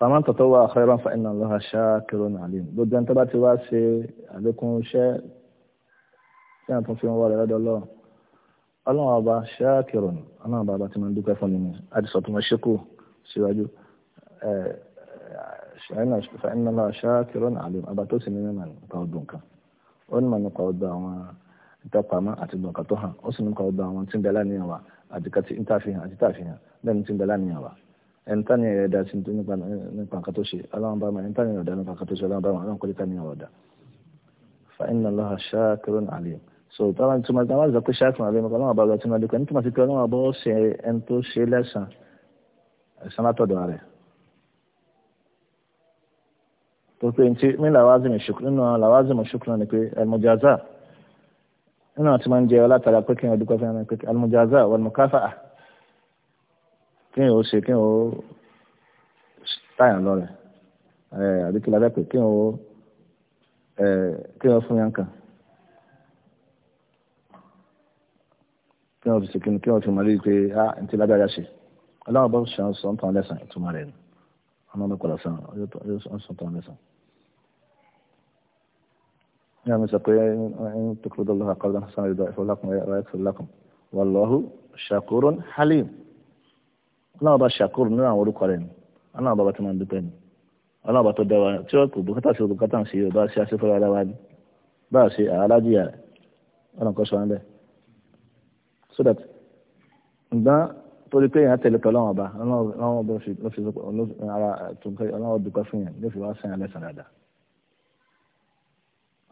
فمن تطوع خيرا فإن الله شاكر عليم ضد أن تبات واسي عليكم شيء سنتم في موارد رد الله ọlọ́run ọba ṣáàkìrọ̀nù ọlọ́run ọba tí mo ń dúpẹ́ fún mi àdìsọ́ tó mo ṣekú síwájú ṣàìnà lọ ṣáàkìrọ̀nù àlùm tó sì ní mímọ̀ nípa ọdún kan ó ní mọ̀ ní nípa ọdún àwọn tí àti ẹnitani yẹrẹ da si nípa nípa nǹkan tó ṣe aláwọn bá ma ẹnitani yẹrẹ da nípa nǹkan tó ṣe aláwọn bá ma kọjú tani yẹrẹ da fa inna Allaha shakirun alim so táwọn tí wọn bá zọ pé shakirun alim ọkọ aláwọn bá lọ tí wọn dẹkọ nítorí pé aláwọn bá ṣe ẹni tó ṣe lẹsàn ẹsàn látọ̀dọ̀ rẹ̀ tó pé ntí mi làwázìmù ṣùkúrú nínú làwázìmù ṣùkúrú ni pé ẹlmọjàzà nínú àti máa ń jẹ ọ látara pé wal mukafa'a kéèyàn ó ṣe kéèyàn ó táyà lọ́rẹ̀ àbí kí lábẹ́ pé kéèyàn ó kéèyàn fún yàn kàn kéèyàn fi ṣe kéèyàn fi mọ̀ lórí pé a ah, n ti lábẹ́ ara ṣe ọlọ́run bọ́ ṣe sọ ń tàn lẹ́sàn ìtumọ̀ rẹ̀ ni ọmọ mi kọ̀ọ̀lọ̀ sàn ó sọ ń tàn lẹ́sàn. نعم يستطيع أن تقرض الله قرضا حسنا يضاعفه لكم ويغفر لكم والله شكور حليم aláwọ̀ bá ṣàkóso nínú àwọn orúkọ rẹ̀ ni aláwọ̀ bá bá tó máa ń dúpẹ́ ni aláwọ̀ bá tó dá wa tí wọ́n kò bùkátà sí bùkátà sí yóò bá ṣe aṣẹ́fẹ́ ara wa ni bá a ṣe àlájìyà rẹ̀ ọ̀nà kan sọ níbẹ̀ so that ǹgbọ́n torí pé èèyàn tẹ̀lé pẹ̀lú àwọn ọba ọlọ́wọ́ bó fi ló fi ara tòǹkẹ́ ọlọ́wọ́ dúpẹ́ fún yẹn ló fi wá sẹ́yìn alẹ́ sàn dáadáa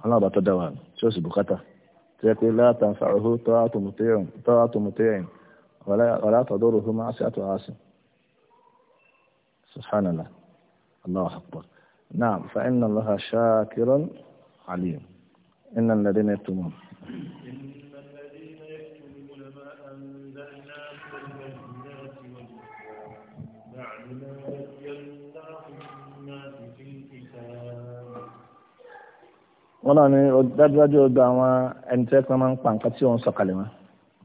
ọlọ́wọ́ bá tó dá wa tí ó sì bùkátà tí ó yẹ pé látàn fàrúhó tọ́ àtòmùtẹ́yìn ولا ولا تضره معصية عاصم سبحان الله الله أكبر نعم فإن الله شاكر عليم إن الذين يكتمون wọ́n náà ni dájúdájú ọgbà àwọn ẹni tí wọ́n máa ń pa nǹkan tí wọ́n ń sọ̀kalẹ̀ wọn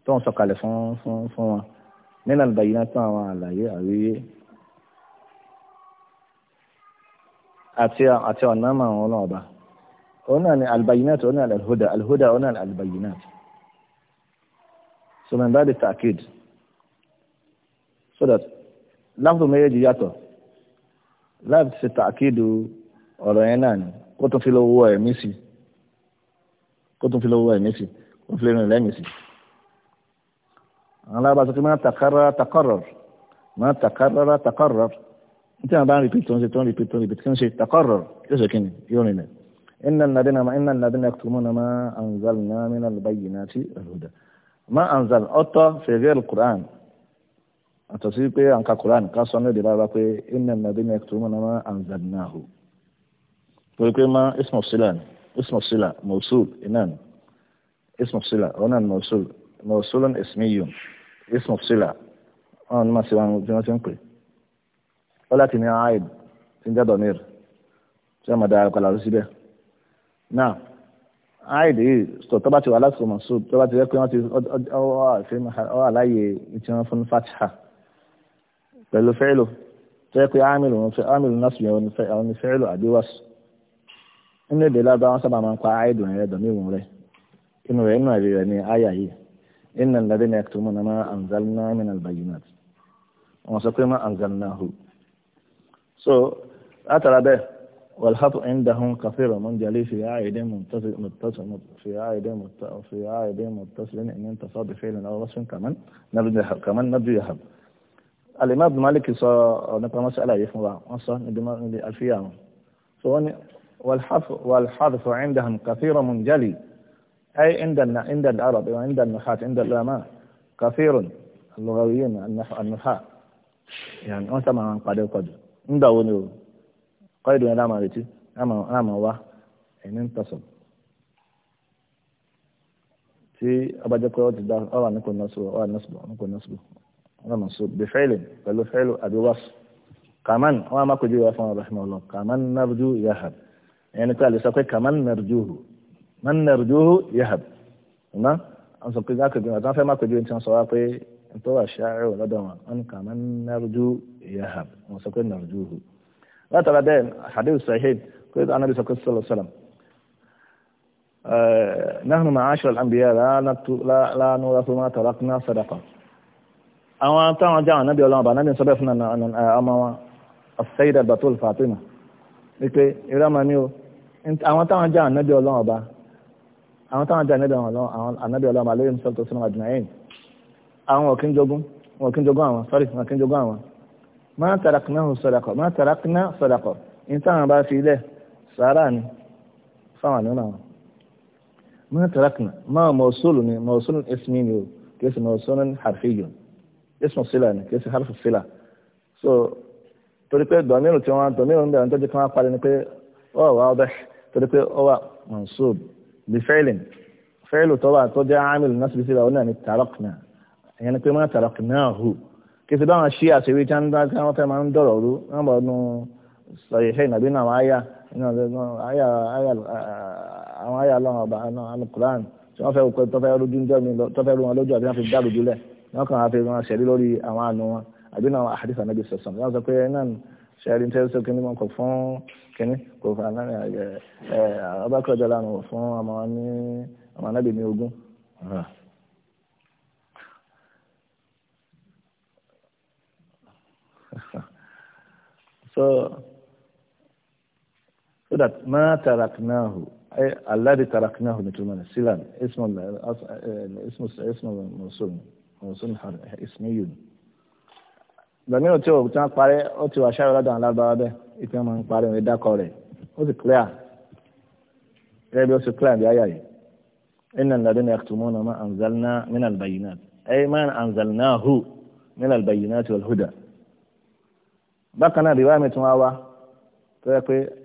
tó ń sọ̀kalẹ̀ fún fún fún wọn nínú àlùbáyé náà tán àwọn àlàyé àríyé àti àti ọ̀nà máa wọn náà ọba òun náà ni àlùbáyé náà tó ní àlùhódà àlùhódà òun náà ni àlùbáyé náà so mẹ́mbà di takid so that láàbù méjèèjì yàtọ̀ láàbù ti takid ọ̀rọ̀ yẹn náà ni kó tún fi lówó ẹ̀mí sí kó tún fi lówó ẹ̀mí sí kó tún fi lóyún lẹ́mí sí. على بعض ما تكرر تقرر ما تكرر تقرر انت بقى ريبيت تون تون ريبيت تون ريبيت كان شيء تقرر ايش كان يونين ان الذين ما ان الذين يكتمون ما انزلنا من البينات الهدى ما انزل اوتو في غير القران àtọ̀sí pé àǹkà koran ká sọ ní èdè lára pé iná nàbí ní ẹ̀kútù mọ́nà máa anzalnahu torí pé má ismu sila ni ismu موصول mosul ismu sila wọn ni wọn ṣe wọn bí wọn ṣe ń pè ó láti ní aib tí ń jẹ́ domir tí wọn máa da ọkọ̀ làrú síbẹ̀ náà aib yìí sọ tó bá ti wà láti sọmọ sọ tó bá ti rẹ pé wọn ti ọ wà láàyè tí wọn fún fatiha pẹ̀lú fẹ́lò tó yẹ pé ámìlù ámìlù náà sùn yẹn àwọn fẹ́lò àdéwàsù nínú èdè lábẹ́ wọn sábà máa ń pa aib rẹ̀ dọ̀míwò rẹ̀ inú rẹ̀ inú ẹ̀rí rẹ̀ ni áyà yìí. إن الذين يكتمون ما أنزلنا من البينات wọ́n sọ pé ما أنزلناه ما انزلناه so أترى به والخطا عندهم كثير من جلي في عائد متصل متصل في عائد في عائد متصل إن انتصر بفعل أو كمان كمن يحب كمان نبذ يحب الإمام ابن مالك صار نقرأ مسألة يفهم أصلا ندم يوم so, والحذف والحذف عندهم كثير من جلي أي عند عند العرب وعند النحاة عند العلماء كثير اللغويين النحاة يعني أنت ما قد قد عند ونو قيد لا ما رتي أما أما واه إن انتصب في أبدا قوات الدار أرى نكون نصبه أرى نصبه نكون نصبه أنا منصوب بفعل قالوا فعل أبي وصف كمان وما كجوا رحمه الله كمان نرجو يهب يعني قال سأقول كمان نرجوه man narjuhu yahab ọ̀nà àwọn sọ pé lákòjú àti wọn fẹ́ má pèjú ẹni tí wọ́n sọ wá pé tó wà ṣáájú lọ́dọ̀ wọn wọn kà man narju yahab wọn sọ pé narjuhu látara bẹ́ẹ̀ hadith sahih pé anabi sọ pé sọlọ sọlọ nahnu ma'ashara al-anbiya la nurathu ma tarakna sadaqa àwọn táwọn jáwọn nábì ọlọ́run bá nábì sọ́bẹ̀ fún ọmọ wọn as-sayyida batul fatima wípé ìrọ́mọ ni ó àwọn táwọn jáwọn nábì ọlọ́run bá àwọn táwọn jẹ ànábì ọlọ́mọ alẹ́ ìmúṣọ́ tó sínú àdùnnà ẹ̀yìn àwọn ọ̀kín jogún wọn àwọn sorry wọn ọ̀kín jogún àwọn máa tàràkìná sọ̀dàkọ̀ máa tàràkìná sọ̀dàkọ̀ ní táwọn bá fi ilẹ̀ sàárà ni fáwọn àná náà máa tàràkìná máa mọ̀ọ́sọ́lù ni mọ̀ọ́sọ́lù ismi ni o kìí so torí pé dọ̀míìrù tí wọ́n dọ̀míìrù ń bẹ̀rẹ̀ ń tọ́jú kí wọ́n parí ni pé ọ̀ mọ̀ọ́sọ́lù بفعل فعل طبعا ترجع عامل الناس بسبب قلنا تركنا يعني كما تركناه كيف بقى الشيعة سوي كان ده كان وقت ما ندروا أما إنه صحيحين أبينا معايا إنه آية آية آية الله عن القرآن wọ́n fẹ́ kọ́ tọ́fẹ́ lójú ńjọ́ mi tọ́fẹ́ lójú wọn lójú àbí wọ́n fi dá lójú lẹ̀ wọ́n kàn án fi wọn ṣẹ̀rí lórí àwọn àna wọn àbí náà àdìsàn náà bí sọ̀sán wọ́n sọ pé náà ṣẹ̀rí ń tẹ́sí kí ni wọ́n kọ̀ fún kini kò fà náà ẹ ẹ abákọ̀jọ́ lánàá wò fún ní ọmọ ogun so so that ma taraknahu ay alladhi taraknahu nitumana silan ismu ismu ismu mawsul mawsul har ismiyun o tí wọn parẹ otu ti wà ṣáà lọ́dọ̀ ètò wọn máa ń parí wọn dákọ rẹ̀ ó sì clear gẹ́gẹ́ bí ó sì clear bí ayé ayé ńlá ayà yìí inna alladhina yaktumuna ma anzalna min albayinat ay ma anzalnahu min albayinat wal huda bákan náà riwaya mi tún wá wá tó yẹ pé ẹni hada hada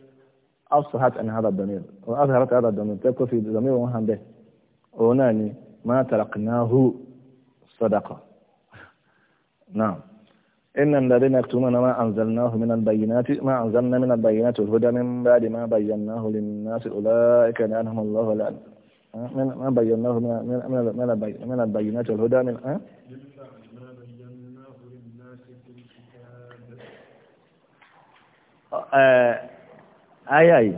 ọ̀ أفصحت عن هذا الضمير وأظهرت هذا الضمير تكون في ضمير مهم به هنا ما تركناه صدقة نعم إن الذين يكتمون ما أنزلناه من البينات ما أنزلنا من البينات الهدى من بعد ما بيناه للناس أولئك لعنهم الله لعن آه، من ما بيناه من من من البينات الهدى من أه؟ ayá آه، yìí آية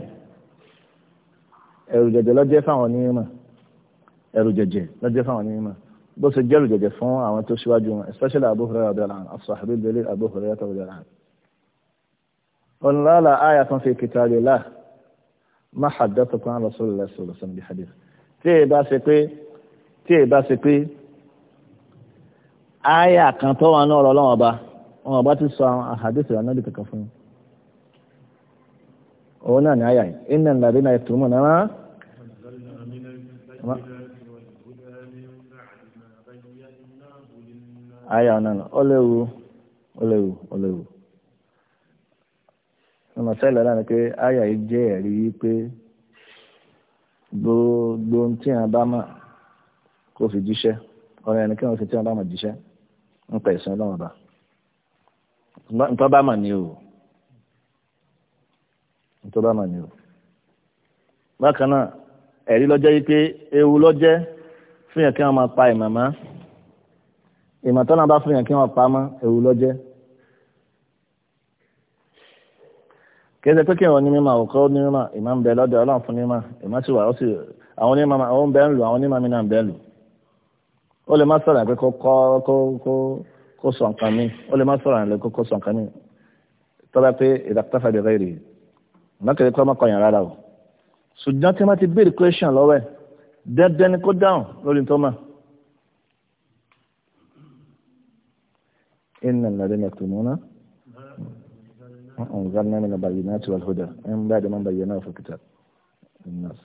ẹ̀rù آية. jẹ̀jẹ̀ lọ́jẹ́ fáwọn onímọ̀ ẹ̀rù jẹ̀jẹ̀ lọ́jẹ́ fáwọn onímọ̀ bó ṣe jẹ́rù jẹ̀jẹ̀ fún àwọn tó ṣíwájú wọn especially Abu Hurairah radiyallahu anhu as-sahabi al-jalil Abu Hurairah radiyallahu anhu. ọ̀nlọ́lá àyà kan fi kitabillah má àdàtọ̀ kan lọ sọ́rọ̀ lẹ́sọ̀ lọ́sọ̀ níbi hadith. tí èyí bá ṣe pé tí èyí bá ṣe pé àyà kan tó wà náà ọ̀rọ̀ ọlọ́wọ́n ọba wọn ọba ti sọ àwọn àhàdìsì rẹ̀ kankan fún un. òun náà ní aya ọ̀nà nà ó léwu ọmọ sẹ́lẹ̀ náà pé ayé yìí jẹ́ ẹ̀rí wípé gbogbo tí a bá mọ̀ kó fi jíṣẹ́ fi tí a bá mọ̀ jíṣẹ́ ń pẹ̀ bá ntọ́ bá mọ̀ ni o ntọ́ bá mọ̀ ni o bákan náà ẹ̀rí ewu lọ́jẹ́ fún yẹn kí wọ́n máa pa ìmàmá ìmọ̀tọ́nà bá fìyàn kí wọ́n pamọ́ ẹ̀rù lọ́jẹ́ kìí ṣe pé kí wọ́n ní mímọ̀ ọ̀kọ́ ní mímọ̀ ìmọ̀ ń bẹ lọ́dọ̀ ọlọ́run fún mímọ̀ ìmọ̀ sì wà ó sì àwọn onímọ̀ àwọn bẹ́ẹ̀ ń lù àwọn onímọ̀ mi náà ń bẹ́ẹ̀ lù ó lè má sọ̀rọ̀ pé kó kó sọ nǹkan mi ó lè má sọ̀rọ̀ pé kó sọ nǹkan mi tọ́lá pé ìdàkútàfà bẹ̀rẹ̀ rè mọ́kẹ́lẹ́ kọ́ mọ́kànyàn rárá o ṣùgbọ́n tí wọ́n ti béèrè إن الذين يكتمون أنزلنا من البينات والهدى من بعد ما بيناه في الكتاب للناس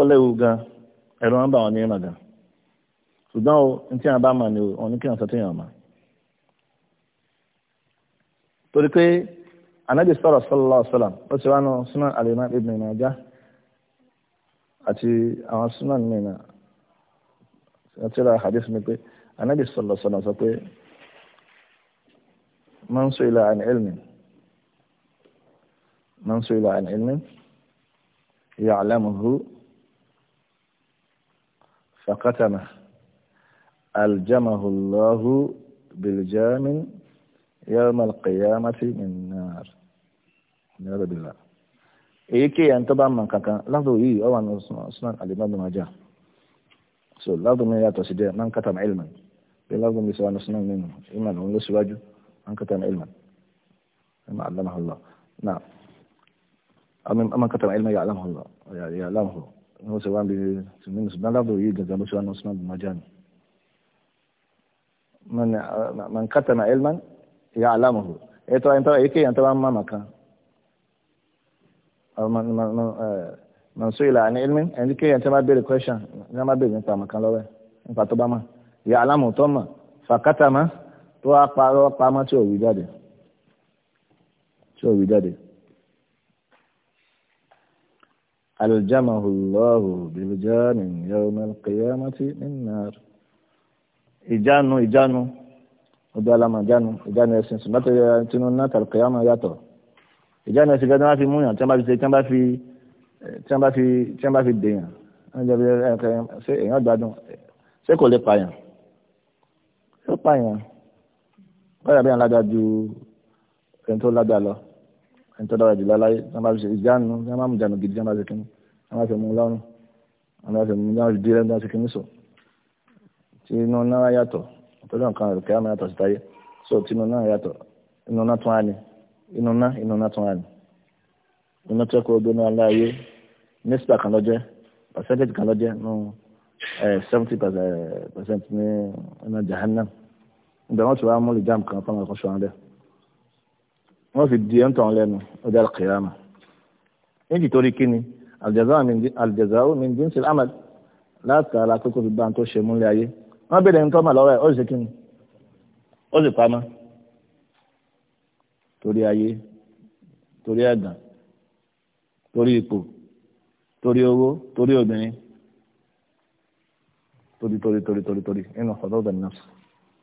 ó léwu gan ẹ̀rọ ń bà wọn ní ìmọ̀ o ní tí wọn bá ni o wọn ní kí wọn sọ téèyàn anabi sọ̀rọ̀ sọ́lọ́ sọ́lá ó ti wá nu súnà àlèmá ibn Majah àti àwọn súnà na àti ra hadith mi pé anabi sọ̀rọ̀ sọ́lá sọ pé من سئل عن علم من سئل عن علم يعلمه فقتمه ألجمه الله بالجام يوم القيامة من نار يا رب الله إيكي أنت بام من كان لفظه إيه أو أن أصلا الإمام ما جاء سو لفظه من يا تسيدي من كتم علما بلفظه من سوى نصنا منه إيمان ونصواجه من كتم علما ما علمه الله نعم أما من كتم علما يعلمه الله يعلمه هو سواء من سبحان الله يوجد أبو سواء عثمان بن من من كتم علما يعلمه أنت أنت إيك أنت ما مكان من من من سئل عن علم أنت أنت ما بير question أنت ما بير أنت مكان لوه أنت تبى ما يعلمه ثم فكتمه tó wá parọ́ pamọ́ tí ò wí jáde tí ò wí jáde. aljamahu Allahu biljani yawm alqiyamati min nar. ìjánu ìjánu ojú alama ìjánu ìjánu ẹsìn sùn láti tinú náà tàlùkìyàmọ yàtọ̀ ìjánu ẹsìn gẹ́gẹ́ wọ́n fi múyàn tí wọ́n bá fi ṣe wọ́n bá fi tí gbádùn ṣé kò lè pààyàn ṣé pààyàn báyà bí wọn lága ju ẹni tó lága lọ ẹni tó dára jù lọ láyé wọn bá fi ṣe ìjánu wọn bá mú ìjánu gidi wọn bá fi kíní wọn bá fi mú lọ́rùn wọn bá fi mú wọn fi dí lẹ́nu wọn fi kíní sọ tí inú náà yàtọ̀ tọ́jú nǹkan rẹ̀ kí á máa yàtọ̀ sí so tí inú náà yàtọ̀ inú náà tún á ní inú náà inú náà tún á ní inú tó kọ́ gbóná láyé nísìlá kan lọ́jẹ́ percentage kan lọ́jẹ́ nù seventy percent eh, ní ọ̀nà jahannam ìgbà wọn ti wá múlì jáàmù kan fún ọkọ̀ ṣọ́nà dẹ̀ wọ́n fi di ẹ̀ńtọ̀ lẹ́nu ọjà kìyàmù níbi torí kíni aljazau min jinsi al-amal látara kókó fi bá ń tó ṣe múlẹ̀ ayé wọ́n bèèrè ń tọ́mà lọ́wọ́ ẹ̀ ó sì ṣe kíni ó sì pamọ́ torí ayé torí ẹ̀gàn torí ipò torí owó torí obìnrin torí torí torí torí torí nínú ọ̀dọ́ ọ̀dọ́ nọ́ọ̀sì.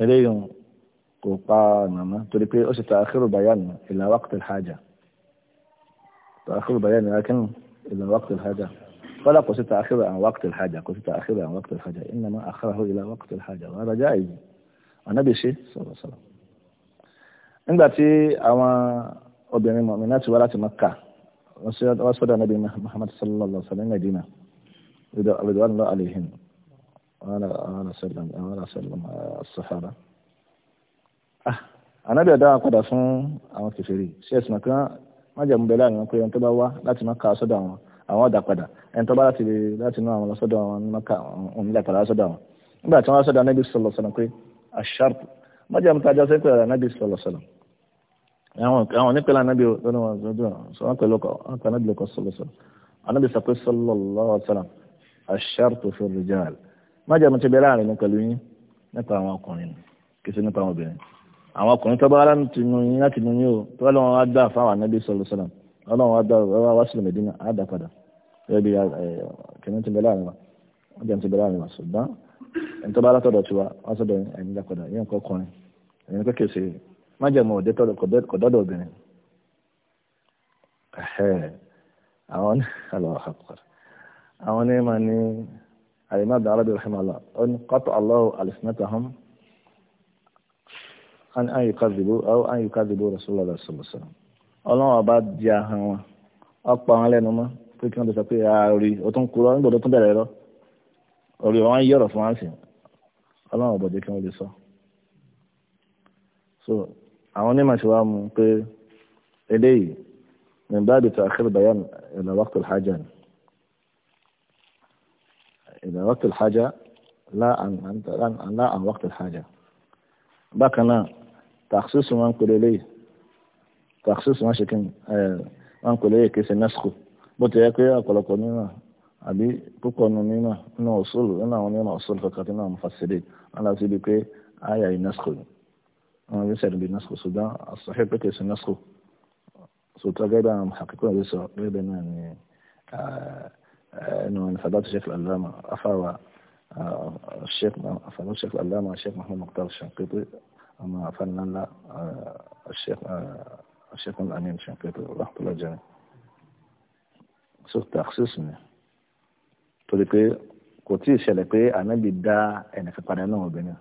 إليهم ما تريد تأخير البيان إلى وقت الحاجة تأخير البيان لكن إلى وقت الحاجة فلا قلت تأخير عن وقت الحاجة قلت تأخير عن وقت الحاجة إنما أخره إلى وقت الحاجة وهذا جائز النبي صلى الله عليه وسلم عند في أما أبين المؤمنات ولا في مكة وصدى النبي محمد صلى الله عليه وسلم مدينة رضوان الله عليهم àwọn àṣẹlẹm as-sahaba. ànábì ẹ̀dá wa padà fún àwọn kèfèrí sí ẹ̀sìn kan májàmú bẹ́ẹ̀ láàrin wọn pé ẹni tó bá wá láti máa ka sọ́dọ̀ àwọn àwọn ọ̀dà padà ẹni tó bá láti láti inú àwọn lọ́sọ́dọ̀ àwọn ní máa ka òun nílẹ̀ padà sọ́dọ̀ àwọn. nígbà tí wọ́n sọ́dọ̀ ànábì sọ̀lọ̀ sọ̀lọ̀ pé ash-shart májàmú tá a jọ sẹ́pẹ̀ ànábì sọ̀lọ̀ sọ̀lọ̀ àwọn onípẹ̀lẹ̀ ànábì lọ́nà wọn sọ̀rọ̀ pẹ̀lú ọkọ̀ ànábì lọ́kọ̀ sọ̀lọ̀ sọ̀lọ̀ ànábì sọ̀pẹ̀ sọ̀lọ̀ lọ́wọ́ sọ̀lọ̀ ash-shartu fi r-rijal májàmú ti bẹ láàrin mi pẹ̀lú yín nípa àwọn ọkùnrin kì í ṣe nípa àwọn obìnrin àwọn ọkùnrin tó bá wá láti nu yín láti nu yín o tó bá lọ́wọ́ wá dá fáwọn anábì sọ̀rọ̀ sọ̀rọ̀ ọlọ́run wá dá wá wá sílẹ̀ mẹ́dínà á dá padà ẹ bí kìnìún ti bẹ láàrin wa májàmú ti bẹ láàrin wa ṣùgbọ́n ẹni tó bá látọ̀dọ̀ tiwa wá sọ́dọ̀ ẹ̀yìn dá padà yín ọkùnrin ẹ̀yìn kọ́ àyìnbá dàrá bí rahim allah ó ní kọ́tọ̀ allahu alisinatahum an an yukadibu aw an yukadibu rasulullah sallallahu alaihi wasallam ọlọ́run ọba di ahọ́n wọn ọ̀pọ̀ àwọn lẹ́nu mọ́ pé kí wọ́n ti sọ pé àárí ah, o tún kúrọ́ nígbà tún bẹ̀rẹ̀ lọ orí wọn yí fún wọn sí ọlọ́run ọ̀bọ̀dé kí wọ́n lè sọ. so àwọn onímọ̀ ṣe wá mu pé eléyìí min báàbí tó àkérè bayan ìlà waqtul haja إذا وقت الحاجة لا عن لا عن وقت الحاجة بكنا تخصيص من كليلي تخصيص ما شكل من كليلي كيس النسخ بتيكي أقول قنينا àbí púpọ̀ nù nínú nínú ọ̀ṣọ́lù nínú àwọn nínú ọ̀ṣọ́lù kankan nínú àwọn fàṣẹlẹ̀ wọn láti rí i pé àyà yìí nasco wọn yóò ṣẹlẹ̀ bí nasco ṣùgbọ́n àṣọṣẹ́ pé kìí ṣe nasco ṣùtọ́ gẹ́gẹ́ bí àwọn akẹ́kọ̀ọ́ yìí sọ gẹ́gẹ́ náà ni من فضلات الشيخ العلامة أفاوى الشيخ فضلات الشيخ العلامة الشيخ محمد مختار الشنقيطي أما فنان الشيخ الشيخ الأمين الشنقيطي رحمة الله جميعا سوف تخصيص منه torí pé kò tí ì ṣẹlẹ̀ pé ànábì dá ẹnìkan padà náà obìnrin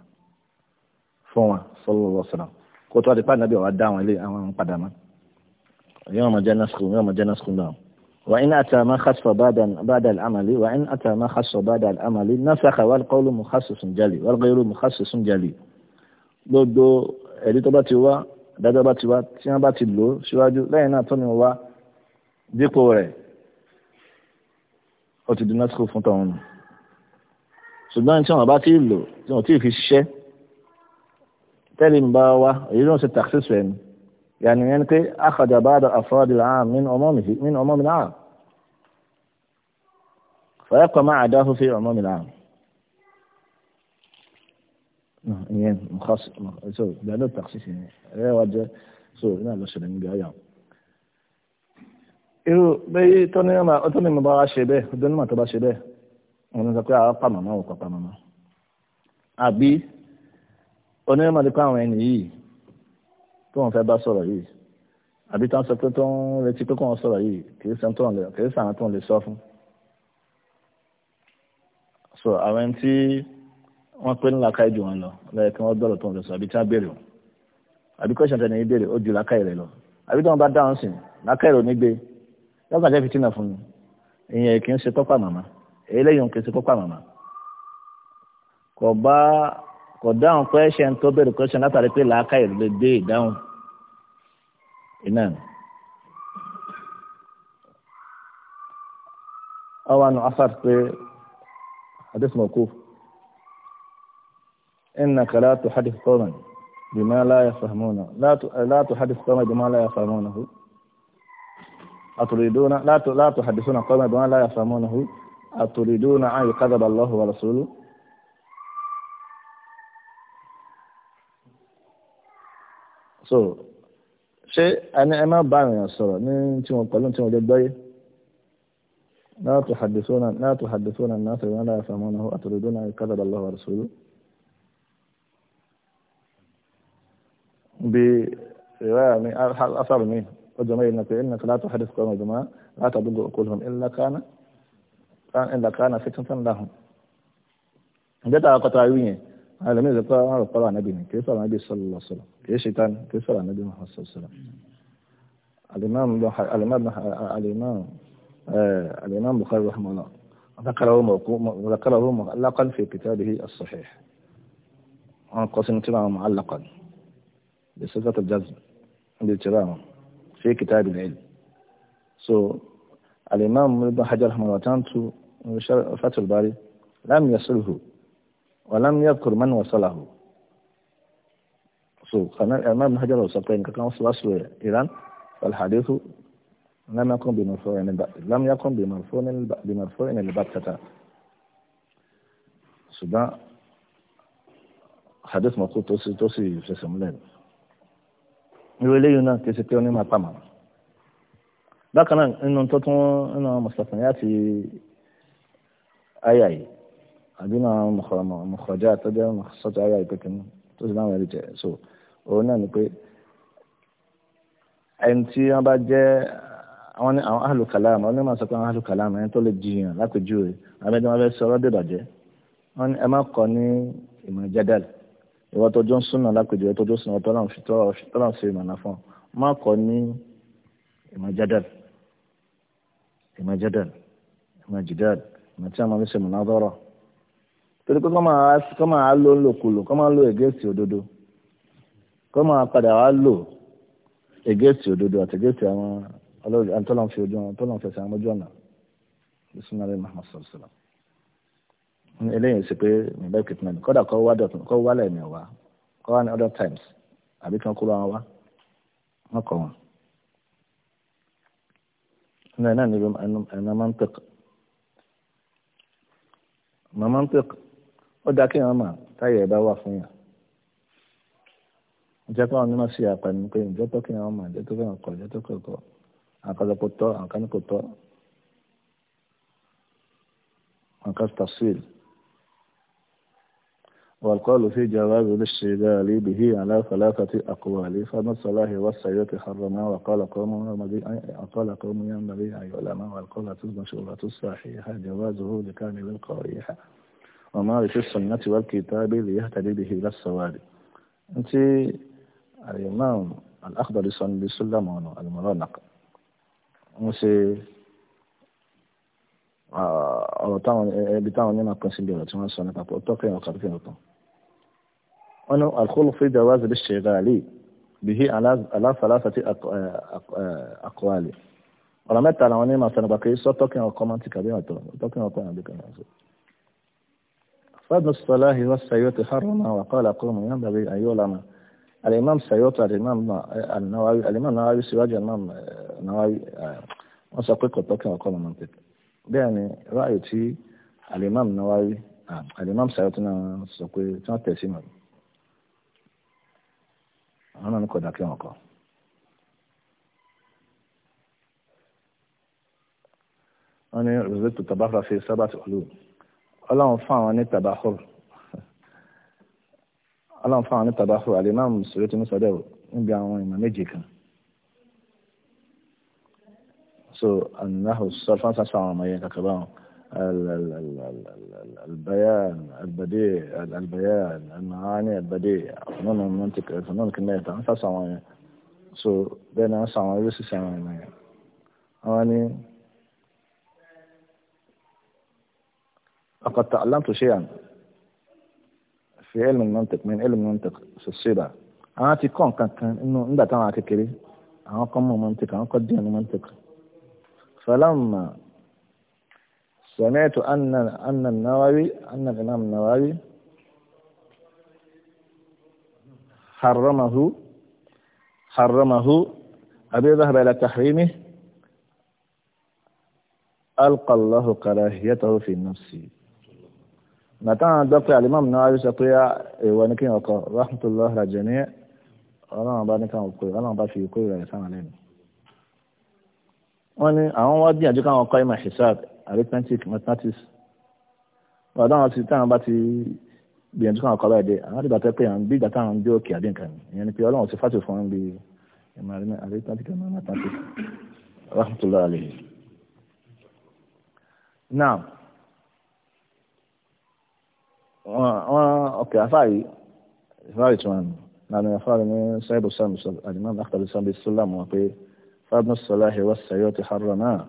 fún wa sallallahu alaihi wasallam kó tó wá di pé ànábì ọ̀wá dá àwọn ilé àwọn padà mọ́ ìyá ọmọ jẹ́ násìkò ìyá ọmọ jẹ́ násìkò náà وإن أتى ما خص بعد بعد العمل وإن أتى ما خص بعد العمل نسخ والقول مخصص جلي والغير مخصص جلي gbogbo ẹ̀rí tó bá ti wá dájọ́ bá ti wá tí wọ́n bá ti lò ó síwájú lẹ́yìn náà tó ní wá dípò rẹ̀ ó ti di násìkò fún tọ̀hún nù ṣùgbọ́n tí wọ́n bá ti lò tí wọ́n ti fi ṣiṣẹ́ tẹ́lẹ̀ ń bá wa èyí ló ń ṣe tàxísù ẹni يعني يعني كي أخذ بعض أفراد العام من عمومه من عموم العام فيبقى ما عداه في عموم العام يعني مخصص سوري لأنه التخصيص يعني لا وجه سوري لا شيء من بها يوم irú bẹ́ẹ̀ tó ní ọmọ tó ní mo bá wa ṣe bẹ́ẹ̀ tó ní mo tó bá ṣe bẹ́ẹ̀ wọn sọ pé àwọn pàmò náà ò kọ pàmò náà àbí onímọ̀ nípa àwọn ẹni yìí tó wọn fẹ́ bá sọ̀rọ̀ yìí àbí tó ń sọ pé tó ń retí pé kó wọn sọ̀rọ̀ yìí kìí sàn tó ń lè kìí sàn tó ń lè sọ fún. so àwọn ẹni tí wọ́n pé ńlá káyé jù wọn lọ lọ́yẹ kí wọ́n dọ̀rọ̀ tó ń lè sọ àbí tí wọ́n béèrè o àbí kọ́ṣọ̀n tẹ̀ ní béèrè ó ju lákàyè rẹ̀ lọ àbí tó wọn bá dáhùn sí lákàyè rẹ̀ ò ní gbé lọ́gbà jẹ́ fitinà fún mi ìyẹn kì í ṣe pọ́pà màmá eléyìí kì í ṣe pọ́pà màmá kò bá kò dáhùn question tó bẹ̀rẹ̀ question látàrí pé làákà ìrẹ̀lẹ̀ dé ìdáhùn iná. ọwọ́ àná asad pé hadith mọ̀kú إنك لا تحدث قوما بما لا يفهمونه لا لا تحدث قوما بما لا يفهمونه أتريدون لا لا تحدثون قوما بما لا يفهمونه أتريدون أن يكذب الله ورسوله so ṣé ẹni ẹ má bá èèyàn sọ̀rọ̀ ní tí wọn pẹ̀lú tí wọn lè gbọ́yé náà tó hadithuna náà tó hadithuna náà tó yọ̀nà láàfin àmọ́ náà àtòlódún náà kádà bá lọ́wọ́ rasulu. bí riwaya mi asar mi ọjọ́ mẹ́rin náà pé ẹni náà látọ̀ hadith kọ́ ọmọ ìjọba látọ̀ àdúgbò illa kana illa kana fitnatan lahum. ǹjẹ́ tá a kọ́ta هذا من القراءة هذا قراءة نبينا كيف قرأ النبي صلى الله عليه وسلم كيف شيطان كيف قرأ النبي محمد صلى الله عليه وسلم الإمام الإمام الإمام الإمام البخاري رحمه الله ذكره ذكره معلقا في كتابه الصحيح عن قسم تمام معلقا بصفة الجزم بالتمام في كتاب العلم سو الإمام ابن حجر رحمه الله تانتو فتح الباري لم يصله ọ̀làm yẹ kùrù mẹ́nu wọ́n sọ́là hù so kana ẹ̀ma mi hajjara sọ pé nǹkan kan wọ́n sọ wá sọ yẹ ìran alhadithu lam yakun bi marfu ẹni ba lam yakun bi marfu ẹni ba bi marfu ẹni ba tata ṣùgbọ́n hadith mọ̀kú tó sì tó sì fẹsẹ̀ múlẹ̀ irú eléyìí náà kì ṣe pé ó ní máa pàmò bákan náà nínú tó nínú mùsùlùmí láti àyà yìí àbí náà àwọn mọ̀kànjá àtọ́jọ́ sọ́tọ̀ ara ìpẹ́kẹ́nu tó sì láwọn ẹ̀rí jẹ so òun náà ni pé ẹni tí wọ́n bá jẹ́ àwọn alùkàlámù àwọn onímọ̀ sọ pé àwọn alùkàlámù ẹni tó lè jiyàn lápèjúwe àwọn ẹni tí wọ́n fẹ́ sọ ọ́ dèbàjẹ́ wọ́n ní ẹ má kọ́ ní ìmọ̀ jádàlì ìwọ tọjọ́ ń súnà lápèjúwe tọjọ́ súnà tọ́lá ń fi ìmọ̀nà fún ọ má kọ́ ní ìmọ̀ jádàlì ìmọ̀ jádàlì ìmọ̀ jìdàlì ìmọ̀ tí a máa fi ṣe mọ̀nà dọ́rọ̀ torí pé kọ́ máa lo ńlòkulò kọ́ lo ègéèsì òdodo kọ́ padà wá geesi ègéèsì òdodo àti ègéèsì àwọn ọlọ́run tọ́lọ́n fi ojú wọn tọ́lọ́n fẹsẹ̀ àwọn ojú ọ̀nà bisimilayi muhammad eléyìí sì pé nígbà kìtìmọ̀ kọ́dà kọ́ wá dọ̀tún kọ́ wá kọ́ wá ní other times àbí kí kúrò àwọn wá wọ́n kọ̀ wọ́n. náà náà ó dá kí wọn mà táyà ẹ bá wà fún yàn jẹ́ pé àwọn onímọ̀ sí àpẹnu pé ìjọ tó kí wọn mà ìjọ tó fẹ́ràn kọ ìjọ tó kọ̀ọ̀kọ̀ àkàlọ́pọ̀ tọ́ àkànníkò tọ́ àkàs tafsir والقول في جواز الاشتغال به على ثلاثة أقوال فما الصلاة والسيئة حرما وقال قوم وقال قوم ينبغي أي علماء والقولة المشهورة الصحيحة جوازه لكامل القريحة ومعرفة السنة والكتاب ليهتدي به إلى السواد أنت الإمام الأخضر صلى الله عليه المرانق أنت ọ̀rọ̀ táwọn ẹbí táwọn onímọ̀ kan síbi ọ̀rọ̀ tí wọ́n sọ nípa pọ̀ tọ́ kéèyàn kàbí kéèyàn tán. wọ́n ní alkhulu fi jawaz bí ṣègáàlì bihi aláfàlásà tí ọ̀rọ̀ mẹ́ta làwọn onímọ̀ sọ nípa kéèyàn sọ tọ́ kéèyàn kọ́ máa ti kàbí ọ̀tọ̀ tọ́ kéèyàn kọ́ yàn bí kéèyàn فضل الصلاة والسيوط حرم وقال قوم ينبغي أن يعلم الإمام سيوط الإمام النووي الإمام النووي سواج الإمام النووي وسقيق الطاقة وقال منطق يعني رأيتي الإمام النووي الإمام سيوط سقيق تنتسيم أنا نقول ذلك وقال أنا رزقت تبرع في سبعة علوم ọlọ́run fún àwọn ní tabahur ọlọ́run fún àwọn ní tabahur alimami sọ̀rọ̀ tí mo sọ níbi àwọn ìmọ̀ méje kan so anahu sọ fún sasọ àwọn ọmọ yẹn kankan báwọn البيان البديع البيان المعاني البديع فنون المنطق فنون كمية تعرف سو بين سامع يوسف سامع يعني لقد تعلمت شيئا في علم المنطق من علم المنطق في الصيدة أنا تكون كان كان إنه إن ده تنا كده أنا كم منطق أنا قد دين منطق فلما سمعت أن أن النووي أن الإمام النووي حرمه حرمه أبي ذهب إلى تحريمه ألقى الله كراهيته في نفسي nàtàn dọ́kítà alimami náà wáyé sọ pé ah, èèwọ̀ ní kí n ọkọ rahmatullahi rajani ọlọ́run bá ní káwọn kó ọlọ́run bá fi kó ìrẹ̀lẹ̀ sáwọn lẹ́nu. wọ́n ní àwọn wá gbìyànjú káwọn kọ́ ìmọ̀ hisab arithmetic mathematics ọ̀dọ́ àwọn ti táwọn bá ti gbìyànjú káwọn kọ́ báyìí dé àwọn ti gbàtẹ́ pé àwọn bí ìgbà táwọn ń dé òkè àbí nǹkan ìyẹn ni pé ọlọ́run ti fàtò fún bí اوكي عفاري عفاري توان لأن عفاري من سيد وسام الإمام أحمد الإسلام بالسلام وقي فابن الصلاح والسيوت حرما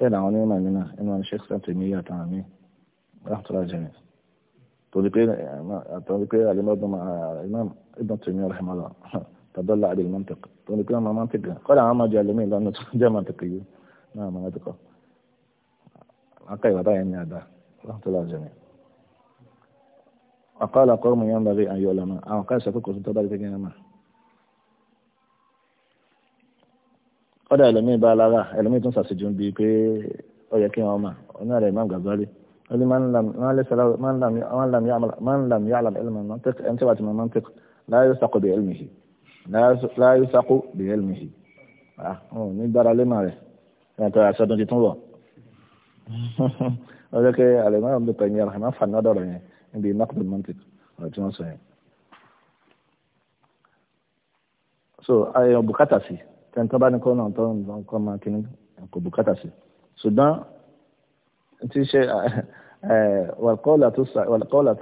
بين عوني ما لنا إمام الشيخ سلام تيمية تعامي رحمة الله جميع توليقين توليقين الإمام الإمام ابن تيمية رحمه الله تدل على المنطق توليقين ما منطق قال عما جاء لمين لأنه جاء منطقي نعم منطقه أقيم رأي النادى رحمة الله جميع وقال قوم ينبغي أن يعلم أو كان سفك وسنتبه تجينا معه ọdọ ẹlòmíì bá lára ẹlòmíì tún ṣàṣejù ń bi pé ó yẹ kí wọn mà ọ̀nà rẹ̀ Imam Ghazali ó ní máa ń làm yàlàm ẹlòmíì mantiq ẹni tí wàá ti mọ mantiq la yusaqu bi ilmihi la yusaqu bi ilmihi ah, ọ̀hún ní gbára lé màá rẹ̀ ẹ̀yìn tó aṣọ tuntun wọ̀ ọjọ́ kí alẹ́ máa ń bẹ pẹ̀lú ẹ̀rọ àmọ́ fàánù ọ̀dọ̀ rẹ̀ yẹn níbi naqd al-mantiq ọ̀rọ̀ so ayọ̀ bùkátà sí tẹ́ntọ́ bá ní kọ́ náà tó ń kọ́ máa kíní kò bùkátà sí ṣùgbọ́n tí ṣe wàlkọ́ọ̀là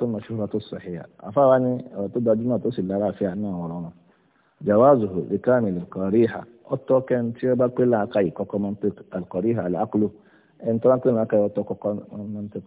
tó mọ̀ṣúra tó sọ̀hìyà afáwa ní ọ̀rọ̀ tó gbajúmọ̀ tó sì lára àfíà náà ọ̀rọ̀ wọn jawazuhu likami alqariha ọtọ kẹn tí ó bá pé láàka yìí kọ́kọ́ mọ́ntẹ́k alqariha alákùlù ẹni tó bá láàka yìí ọtọ kọ́kọ́ mọ́ntẹ́k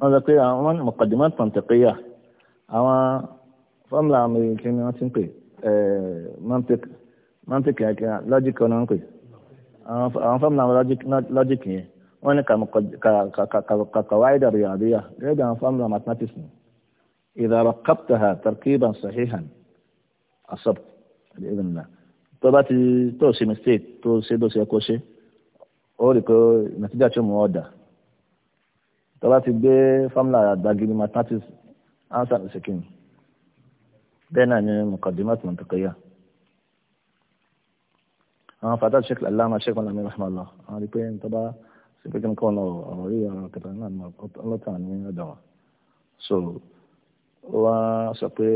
wọ́n sọ pé àwọn mọ̀kàdìmọ́ tọ̀ǹtẹ̀kẹ́yà àwọn fọ́mùlà amẹ́ríkì ni wọ́n ti ń pè mọ́ntìkì àkíyà lọ́jíkì ọ̀nà ń pè àwọn fọ́mùlà lọ́jíkì yẹn wọ́n ní kàkàwáìdà rẹ̀ àdéyà gẹ́gẹ́ bí àwọn fọ́mùlà mathematics ni ìdàrọ̀ kápítàhà tarkiban sahihan asab ìdìnnà tó bá ti tó ṣe mistake tó ṣe bó ṣe kó ṣe ó rí i pé nàtíjà tó mú ọ̀dà tó bá ti gbé fámúlà àgbàgìrì mathematics ansa ní sèkìmù bẹ́ẹ̀ náà ni mukadimat mantiqiyya àwọn fàtà sheikh alama sheikh alama rahmalah àwọn rí pé tó bá sì pé kí n kọ́ ọ̀nà ọ̀rọ̀ yìí ọ̀rọ̀ kẹta náà ni ọlọ́tàn ní ọ̀dọ̀ wọn so wọ́n sọ pé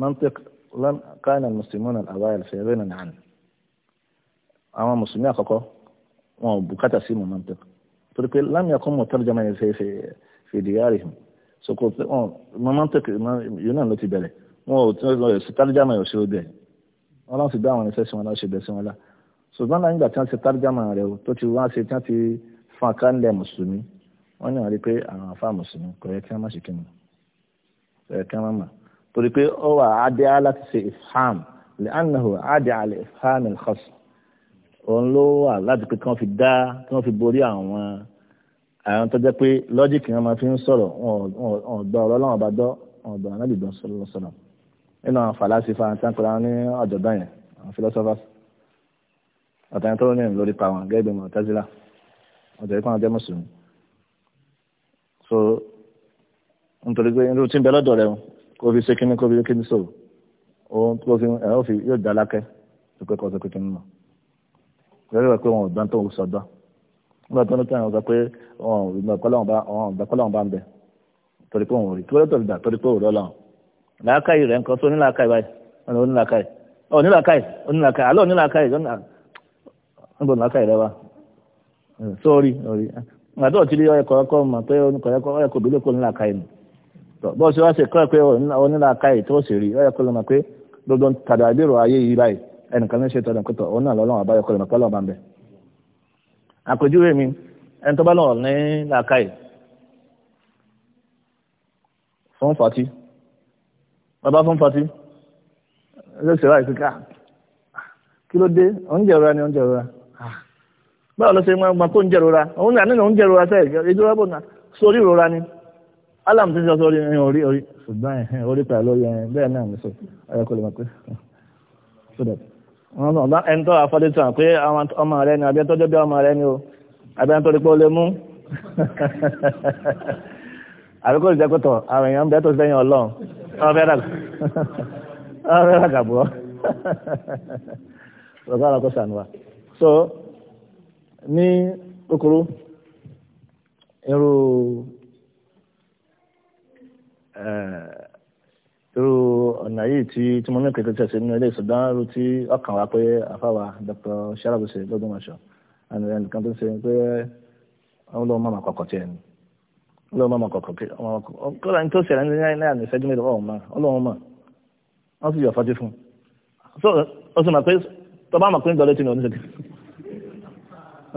mantiq lam kana al al-awayil fẹ́rẹ́ nàn àwọn mùsùlùmí àkọ́kọ́ wọn ò bùkátà sí mọ̀ mantiq torí pé lámì akọ́mọ̀ tẹ́lẹ̀jọ́mọ́ yẹn ṣe fìdí ààrẹ hàn so kò tẹ wọn mọ́mọ́ tẹ̀kì yóò náà ló ti bẹ̀rẹ̀ wọn ò tẹ́lẹ̀jọ́mọ́ yẹn ò ṣe ó bẹ̀ wọn náà sì bá àwọn ẹ̀ṣẹ́ sí wọn náà ṣe bẹ̀ sí wọn lá ṣùgbọ́n láyìn ìgbà tí o tó ti wá ṣe tí wọ́n ti fún akálẹ̀ mùsùlùmí wọ́n ní wọ́n rí pé àwọn afá mùsùlùmí kò yẹ kí wọ́n má ṣe kí wọn kò yẹ kí wọ́n má mà torí pé ó wà á dé á láti ṣe ìfhàm lẹ́yìn àná òun ló wà láti pé kí wọ́n fi dá kí wọ́n fi borí àwọn àwọn tó jẹ́ pé lọ́jíìkì wọn máa fi ń sọ̀rọ̀ wọn ò gbọ́ ọ̀rọ̀ ọlọ́run ọba dọ́ wọn ò gbọ́ ọ̀rọ̀ ọlọ́run sọ̀rọ̀ sọ̀rọ̀ nínú àwọn fàlásì fàǹtàn kọ́ra ní ọ̀jọ̀dán yẹn àwọn philosophers ọ̀tàn tó ní lórí pa wọn gẹ́gẹ́ bí mọ̀tẹ́sílà ọ̀jọ̀ yìí kàn jẹ́ mùsùlùmí so nítorí pé irú tí ń bẹ lọ́dọ̀ rẹ̀ kó fi ṣe kíní kó fi kíní sọ̀rọ̀ ó fi yóò dálákẹ́ tó pé kọ́ tó pé kíní náà kẹrẹ wà pé wọn ò dán tó ń sọdán nígbà tó ń kí àwọn sọ pé wọn ò gbàkọ́lọ́wọ́n bá ń bẹ torí pé wọn ò rí kí wọ́n tó dà torí pé òrọ́ làwọn làákàyè rẹ̀ nǹkan tó onílàákàyè báyìí onílàákàyè onílàákàyè onílàákàyè àlọ́ onílàákàyè níbo onílàákàyè rẹ wa sórí orí nígbà tó ti rí ọyẹ kọ̀ọ̀kọ́ mọ̀ pé ọyẹ kò bílẹ̀ kó onílàákàyè nù bọ́ọ̀ wá ẹnìkan ní ṣe tọ́jú pé tọ́ òun náà lọ́lọ́run àbáyọ kọlẹ̀ mọ̀pẹ́ lọ́ọ̀ bá ń bẹ̀. àpèjúwe mi ẹni tó bá lọ́ọ̀ ní làákàyè fún fọtí bàbá fún fọtí ló ṣe wáyé kíkà kí ló dé oúnjẹ ìrora ni oúnjẹ ìrora báwo ló ṣe máa gbọ́n kó oúnjẹ ìrora òun náà nínú oúnjẹ ìrora sẹ́ẹ̀ ìdúró bò náà sórí ìrora ni alam ti sọ sórí orí orí ṣùgbọ́n orí pẹ̀lú orí bẹ́ẹ̀ náà ní sọ ayọ́kọ́ lè máa pé so wọn bá ẹni tó àfọ́dé tàn pé ọmọ rẹ ni àbí ẹtọ́jọ́ bí ọmọ rẹ ni o àbí ẹni tó rí pé ó lè mú àbí kò jẹ́ pé tọ̀ àwọn èèyàn bẹ́ẹ̀ tó sẹ́yìn ọlọ́run ọ̀fẹ́ ràgàbọ́ ọ̀gá ọ̀kọ́ sànùwà so ní kúkúrú irú eh, irú ọ̀nà yìí tí tí mo ní kẹ̀kẹ́ tẹ̀sí nínú ilé ìsọ̀dánrú tí ọkàn wa pé àfáwà dr sharaf ṣe lọ́dún ọ̀ṣọ́ ẹnìkan tó ń ṣe pé wọ́n lọ́wọ́ máma kọ̀kọ̀ tiẹ̀ ni wọ́n lọ́wọ́ máma kọ̀kọ̀ kí kọ́lá ní tó ṣẹlẹ̀ ní náírà ní ìṣẹ́jú mẹ́rin ọ̀hún máa ọlọ́wọ́n máa wọ́n sì yọ̀ fọ́jú fún un ó sì mọ̀ pé tọ́ bá mọ̀ pé ń dọ́lé tí ní oníṣẹ́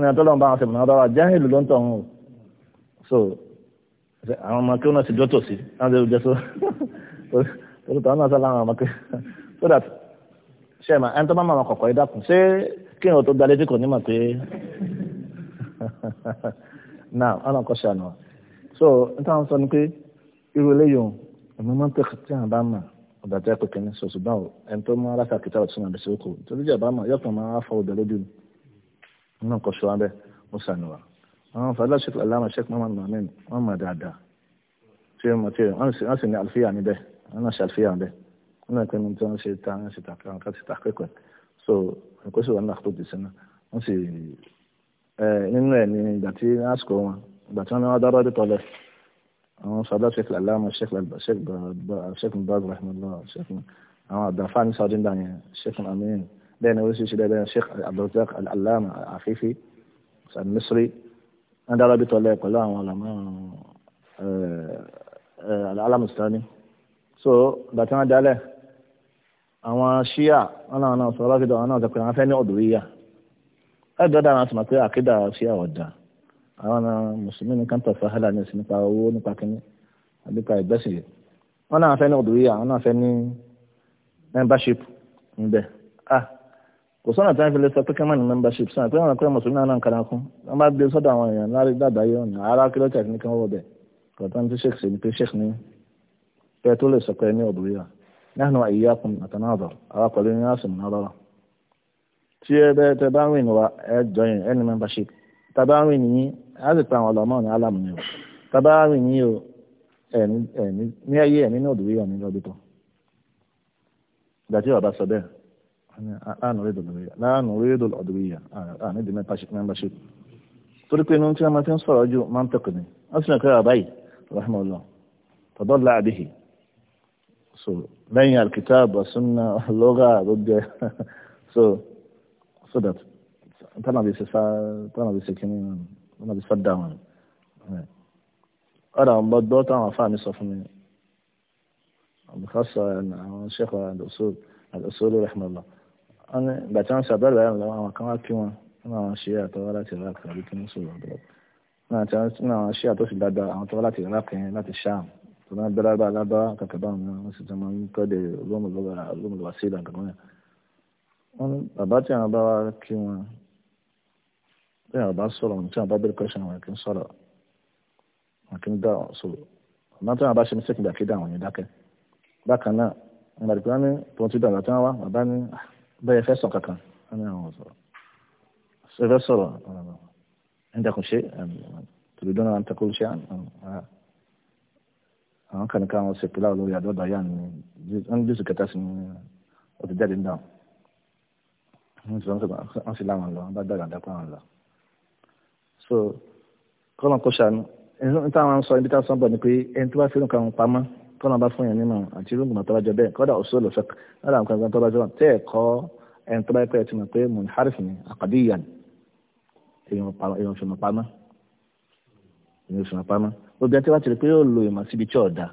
ní àtọ́lọ́n bá wọn ṣe mọ̀ náà jáhìlì o so àwọn ọmọ kí wọ́n náà sì dọ́tò torí tàwọn náà sálà àwọn ọmọkẹ́ so that ṣe mà ẹni tó bá máa kọ̀kọ́ ẹ̀dá kùn ṣé kí ni o tó gbalẹ́ tí kò ní mọ̀ pé now ọ̀nà kọ́ ṣàánú so n táwọn sọ ni pé irú eléyìí o ọ̀nà máa ń pè tí àwọn bá mà ọ̀dà tẹ́ pé kìíní sọ ṣùgbọ́n o ẹni tó máa rákà kìtà ọ̀tún àbẹ̀sẹ̀ òkú torí jẹ́ àbámọ̀ yọ̀pọ̀ máa fọ ọ̀dà lójú ọ̀nà kọ́ ṣọ́ abẹ́ ó ṣàánú wa àwọn fàdúrà ṣe aláàmà ṣe pé wọ́n máa mọ̀ mí wọ́n máa dáadáa ṣé mo ti wọ́n sì ní àlùfíà níbẹ̀ انا شال فيها ده انا كان انت انا شيت انا شيت انا كنت تحقيق كنت أنا كويس وانا خطوت دي سنه آه، أنا ايه انه يعني داتي اسكو ما داتي انا دار دي طالع انا صدا شيخ العلامه الشيخ الشيخ الشيخ مباز رحمه الله الشيخ انا دفعني صادين داني الشيخ الامين بين وسي شي الشيخ عبد الرزاق العلامه عفيفي المصري انا دار دي طالع كلها علماء ااا آه، آه، العلامه الثاني so bàtí wọ́n dálẹ̀ àwọn ṣíà wọn náà náà sọ ọlọ́fíìdọ̀ wọn náà sọ pé àwọn fẹ́ ní ọ̀dùnríyà ẹ̀dọ́ dára sọ pé àkídà ṣíà ọ̀dà àwọn mùsùlùmí nìkan tọ̀ fàhálà ní ìsìn nípa owó nípa kínní nípa ìgbẹ́sìn wọn náà fẹ́ ní ọ̀dùnríyà wọn náà fẹ́ ní membership ńbẹ ah kò sọ́nà tí wọ́n fi lè sọ pé kí wọ́n ní membership sọ́nà pé wọ́n pẹ́ mùsùlùmí náà náà kára kún wọ́n bá gbé sọ́dọ̀ àwọn èèyàn lárí dàgbáyé ọ̀nà ará kílọ̀tì àti nìkan wọ̀ bẹ̀ kọ̀tán tí sheikh ṣe ni pé sheikh ní kẹ́ tó lè sọ pé ní ọ̀bùrìyà nahnu wa iyyakum join a ni ẹni ní tó ìgbà tí sọ láàánú láàánú àní di torí pé inú tí máa fi ń sọ̀rọ̀ ju máa ń ni sì ń kọ́ so lẹ́yìn alkitab sunna lọ́gà gbogbo so so that tana bi se sa tana bi se tana bi sa da wọn ọ̀rọ̀ àwọn ọgbọ́n táwọn afá mi sọ fún mi àbùkásọ àwọn sheikh al-usul al-usul rahmanullah wọn ni ìgbà tí wọn ṣàbẹ̀rẹ̀ báyìí lọ́wọ́ àwọn kan wá kí wọn nínú àwọn ṣe àtọwọ́ láti iraq tàbí kí wọn sọ̀rọ̀ ọ̀dọ́ náà tí wọn ṣe àtọ́sí dáadáa àwọn tọwọ́ láti iraq yẹn láti ṣáàmù suna daraba alaba kaka ba mu wasu ta man kada ruwan mulbaga a ruwan mulbaga sai da kamar ya wani baba tí wọn bá wa kí wọn tí wọn bá sọ̀rọ̀ tí wọn bá bẹ̀rẹ̀ kọsán wọn kì í sọ̀rọ̀ wọn kì í dá wọn sọ̀rọ̀ àmọ́ tí wọn bá ṣe ní sẹkìndà kí dá wọn yẹn dákẹ́ bákan náà wọn bá dìgbà ní tó ń ti dàgbà tí wọn wá bàbá ní ah, bẹ́ẹ̀ fẹ́ sọ kankan wọn ní àwọn sọ̀rọ̀ ṣe fẹ́ sọ̀rọ̀ ẹ̀ ń dẹkùn ṣe ẹ̀ ń ṣe ẹ̀ àwọn kan ká wọn ṣèpìlá olórí àdọ́dọ̀ yá ni wọn ní jésù kẹta sí ni ó ti jáde náà wọn sì láwọn lọ wọn bá dàgbà dápọ̀ àwọn lọ. so kọ́lọ̀ kó ṣàánú ẹni táwọn sọ ibi táwọn sọ bọ̀ ni pé ẹni tó bá fi nǹkan wọn pamọ́ kọ́lọ̀ bá fún yẹn nímọ̀ àti irú ìgbìmọ̀ tó bá jọ bẹ́ẹ̀ kọ́dà òṣù olùfẹ́ kọ́dà nǹkan kan tó bá jọ tẹ́ ẹ̀ kọ́ ẹni tó bá pẹ́ ti mọ̀ pé munharif ni àkàdíyàn èèyàn fi mọ̀ pamọ́ èèyàn fi pamọ́ obìnrin tí wọ́n ti rí pé yóò lo ìmọ̀ síbi tí ọ̀dà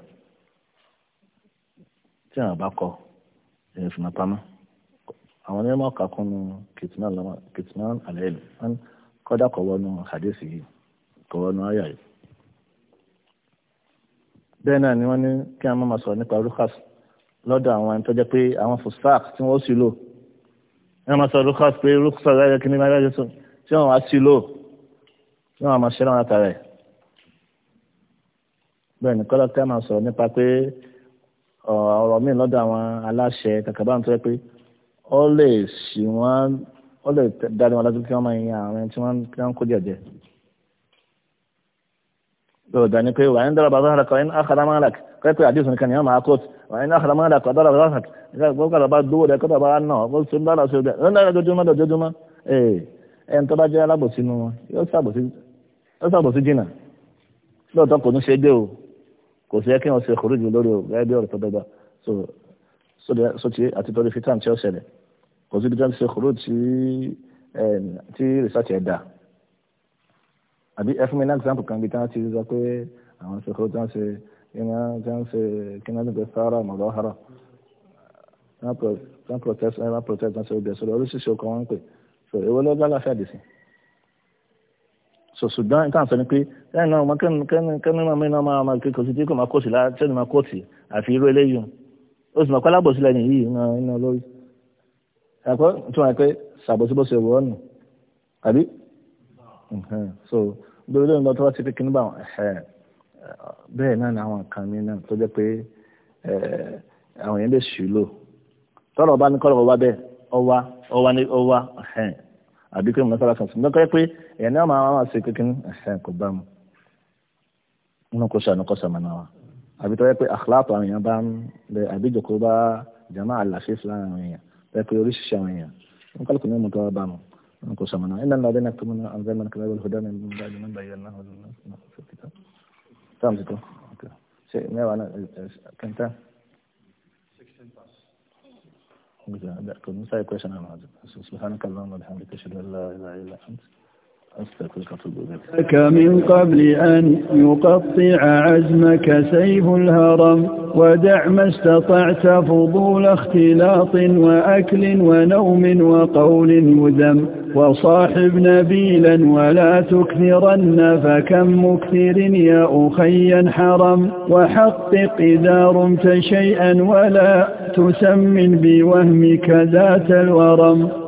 tí àwọn bá kọ ẹ̀yìn fìmọ̀ pamọ́ àwọn onímọ̀ ọ̀kà kún un kìtìmọ̀ àlẹ́ ìlú wọn kọ́dà kọ̀ wọnú hadisi yìí kọ̀ wọnú náà ni wọ́n ní kí a máa sọ̀rọ̀ nípa rukas lọ́dọ̀ àwọn ẹni tó jẹ́ pé àwọn fosfax tí wọ́n sì lò ẹ máa sọ rukas pé rukas ọ̀gá ẹ̀yẹ tí wọ́n wá sí lò tí wọ́n máa ṣe láwọn àtàrà ẹ̀ bẹ́ẹ̀ ni kọ́lá tí a máa sọ̀rọ̀ nípa pé ọ̀rọ̀ míì lọ́dọ̀ àwọn aláṣẹ kàkà bá ń tọ́ pé ó lè ṣì wọ́n ó lè dárí wọn lọ́dún kí wọ́n máa yan àwọn ẹni tí wọ́n ń kó jẹ̀jẹ̀. lọ́wọ́ dání pé wàá ń dọ́rọ̀ bàbá àràkọ ẹni àkàrà máa rà kọ́ pé àdéhùn nìkan ni wọ́n máa kóòtù wàá ń àkàrà máa rà kọ́ dọ́rọ̀ bàbá àràkọ ìgbà bá gbówó rẹ̀ kọ́ bàbá náà ó sì ń bá lọ́sọ̀ rẹ̀ ó ń dára ẹni tó bá jẹ́ kò sí ẹ kí wọn ṣe kòrìjì lórí o gẹ́gẹ́ bí ọ̀rọ̀ tó dọ́gba sóti àti torí fitan tí ó ṣẹlẹ̀ kò sí ibi ṣe kòrìjì eh, tí research ẹ̀ dà àbí ẹ fún mi ní example kan bí tí wọn ti sọ pé àwọn ṣe kòrìjì tí wọn ṣe ìmọ̀ tí wọ́n ṣe kí wọ́n nígbà sáárà mọ̀lọ́hárà wọ́n protest wọ́n protest wọ́n ṣe obìnrin sọ̀rọ̀ oríṣiríṣi ọkọ̀ wọn ń pè so èwo ló bá láfẹ́ àdìsí ṣùgbọ́n nǹkan sọ ni pé lẹ́yìn náà kẹ́ni náà mẹ́rin náà máa máa kékeré sí tí kò máa kóòtù láti ṣẹ́ni máa kóòtù àfi irú eléyìí ó sì máa kọ́ alábòsí lẹ́yìn yìí iná lórí ẹ̀kọ́ tí wọ́n á pé ṣàbòsíbòsí ọ̀wọ́ ọ̀nà àbí so lórí lórí lọ́tọ́ wá sí pé kíní bá wọn bẹ́ẹ̀ náà ni àwọn kan mi náà tó jẹ́ pé àwọn yẹn lè ṣù lò tọ́lọ̀ àbí kí wọn sára sàṣùn lọ́kọ́ pé ẹ̀yàn náà máa máa ṣe kékeré ẹ̀hẹ́n kò bá mu inú kò ṣàánú kò ṣàmánà wa àbí tọ́ yẹ pé àkàlàtọ̀ àwọn èèyàn bá ń bẹ àbí ìjòkó bá jàmá àlàáfíà fúlàní àwọn èèyàn tọ́ yẹ pé oríṣiríṣi àwọn èèyàn wọn kálukú ní mọ̀tọ́ wa bá mu inú kò ṣàmánà iná ní ọdún nàkúmọ̀ náà àwọn zẹ́mọ̀ nàkúmọ̀ ìwọlé hùdá nàìjíríà nígbà yìí nígbà yìí náà wọ́n lọ́wọ́ بجد. كنت مسألة كويشن عن هذا سبحانك اللهم وبحمدك أشهد أن لا إله إلا أنت لك من قبل أن يقطع عزمك سيف الهرم ودع ما استطعت فضول اختلاط وأكل ونوم وقول مذم وصاحب نبيلا ولا تكثرن فكم مكثر يا أخي حرم وحقق إذا رمت شيئا ولا تسمن بوهمك ذات الورم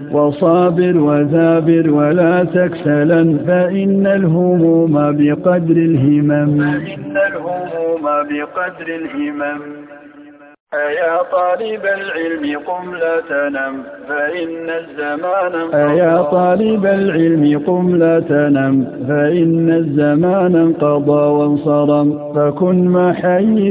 وصابر وذابر ولا تكسلا فإن الهموم بقدر الهمم فإن الهموم بقدر الهمم أيا طالب العلم قم لا تنم فإن الزمان أيا طالب العلم قم لا تنم فإن الزمان انقضى وانصرم فكن ما حييت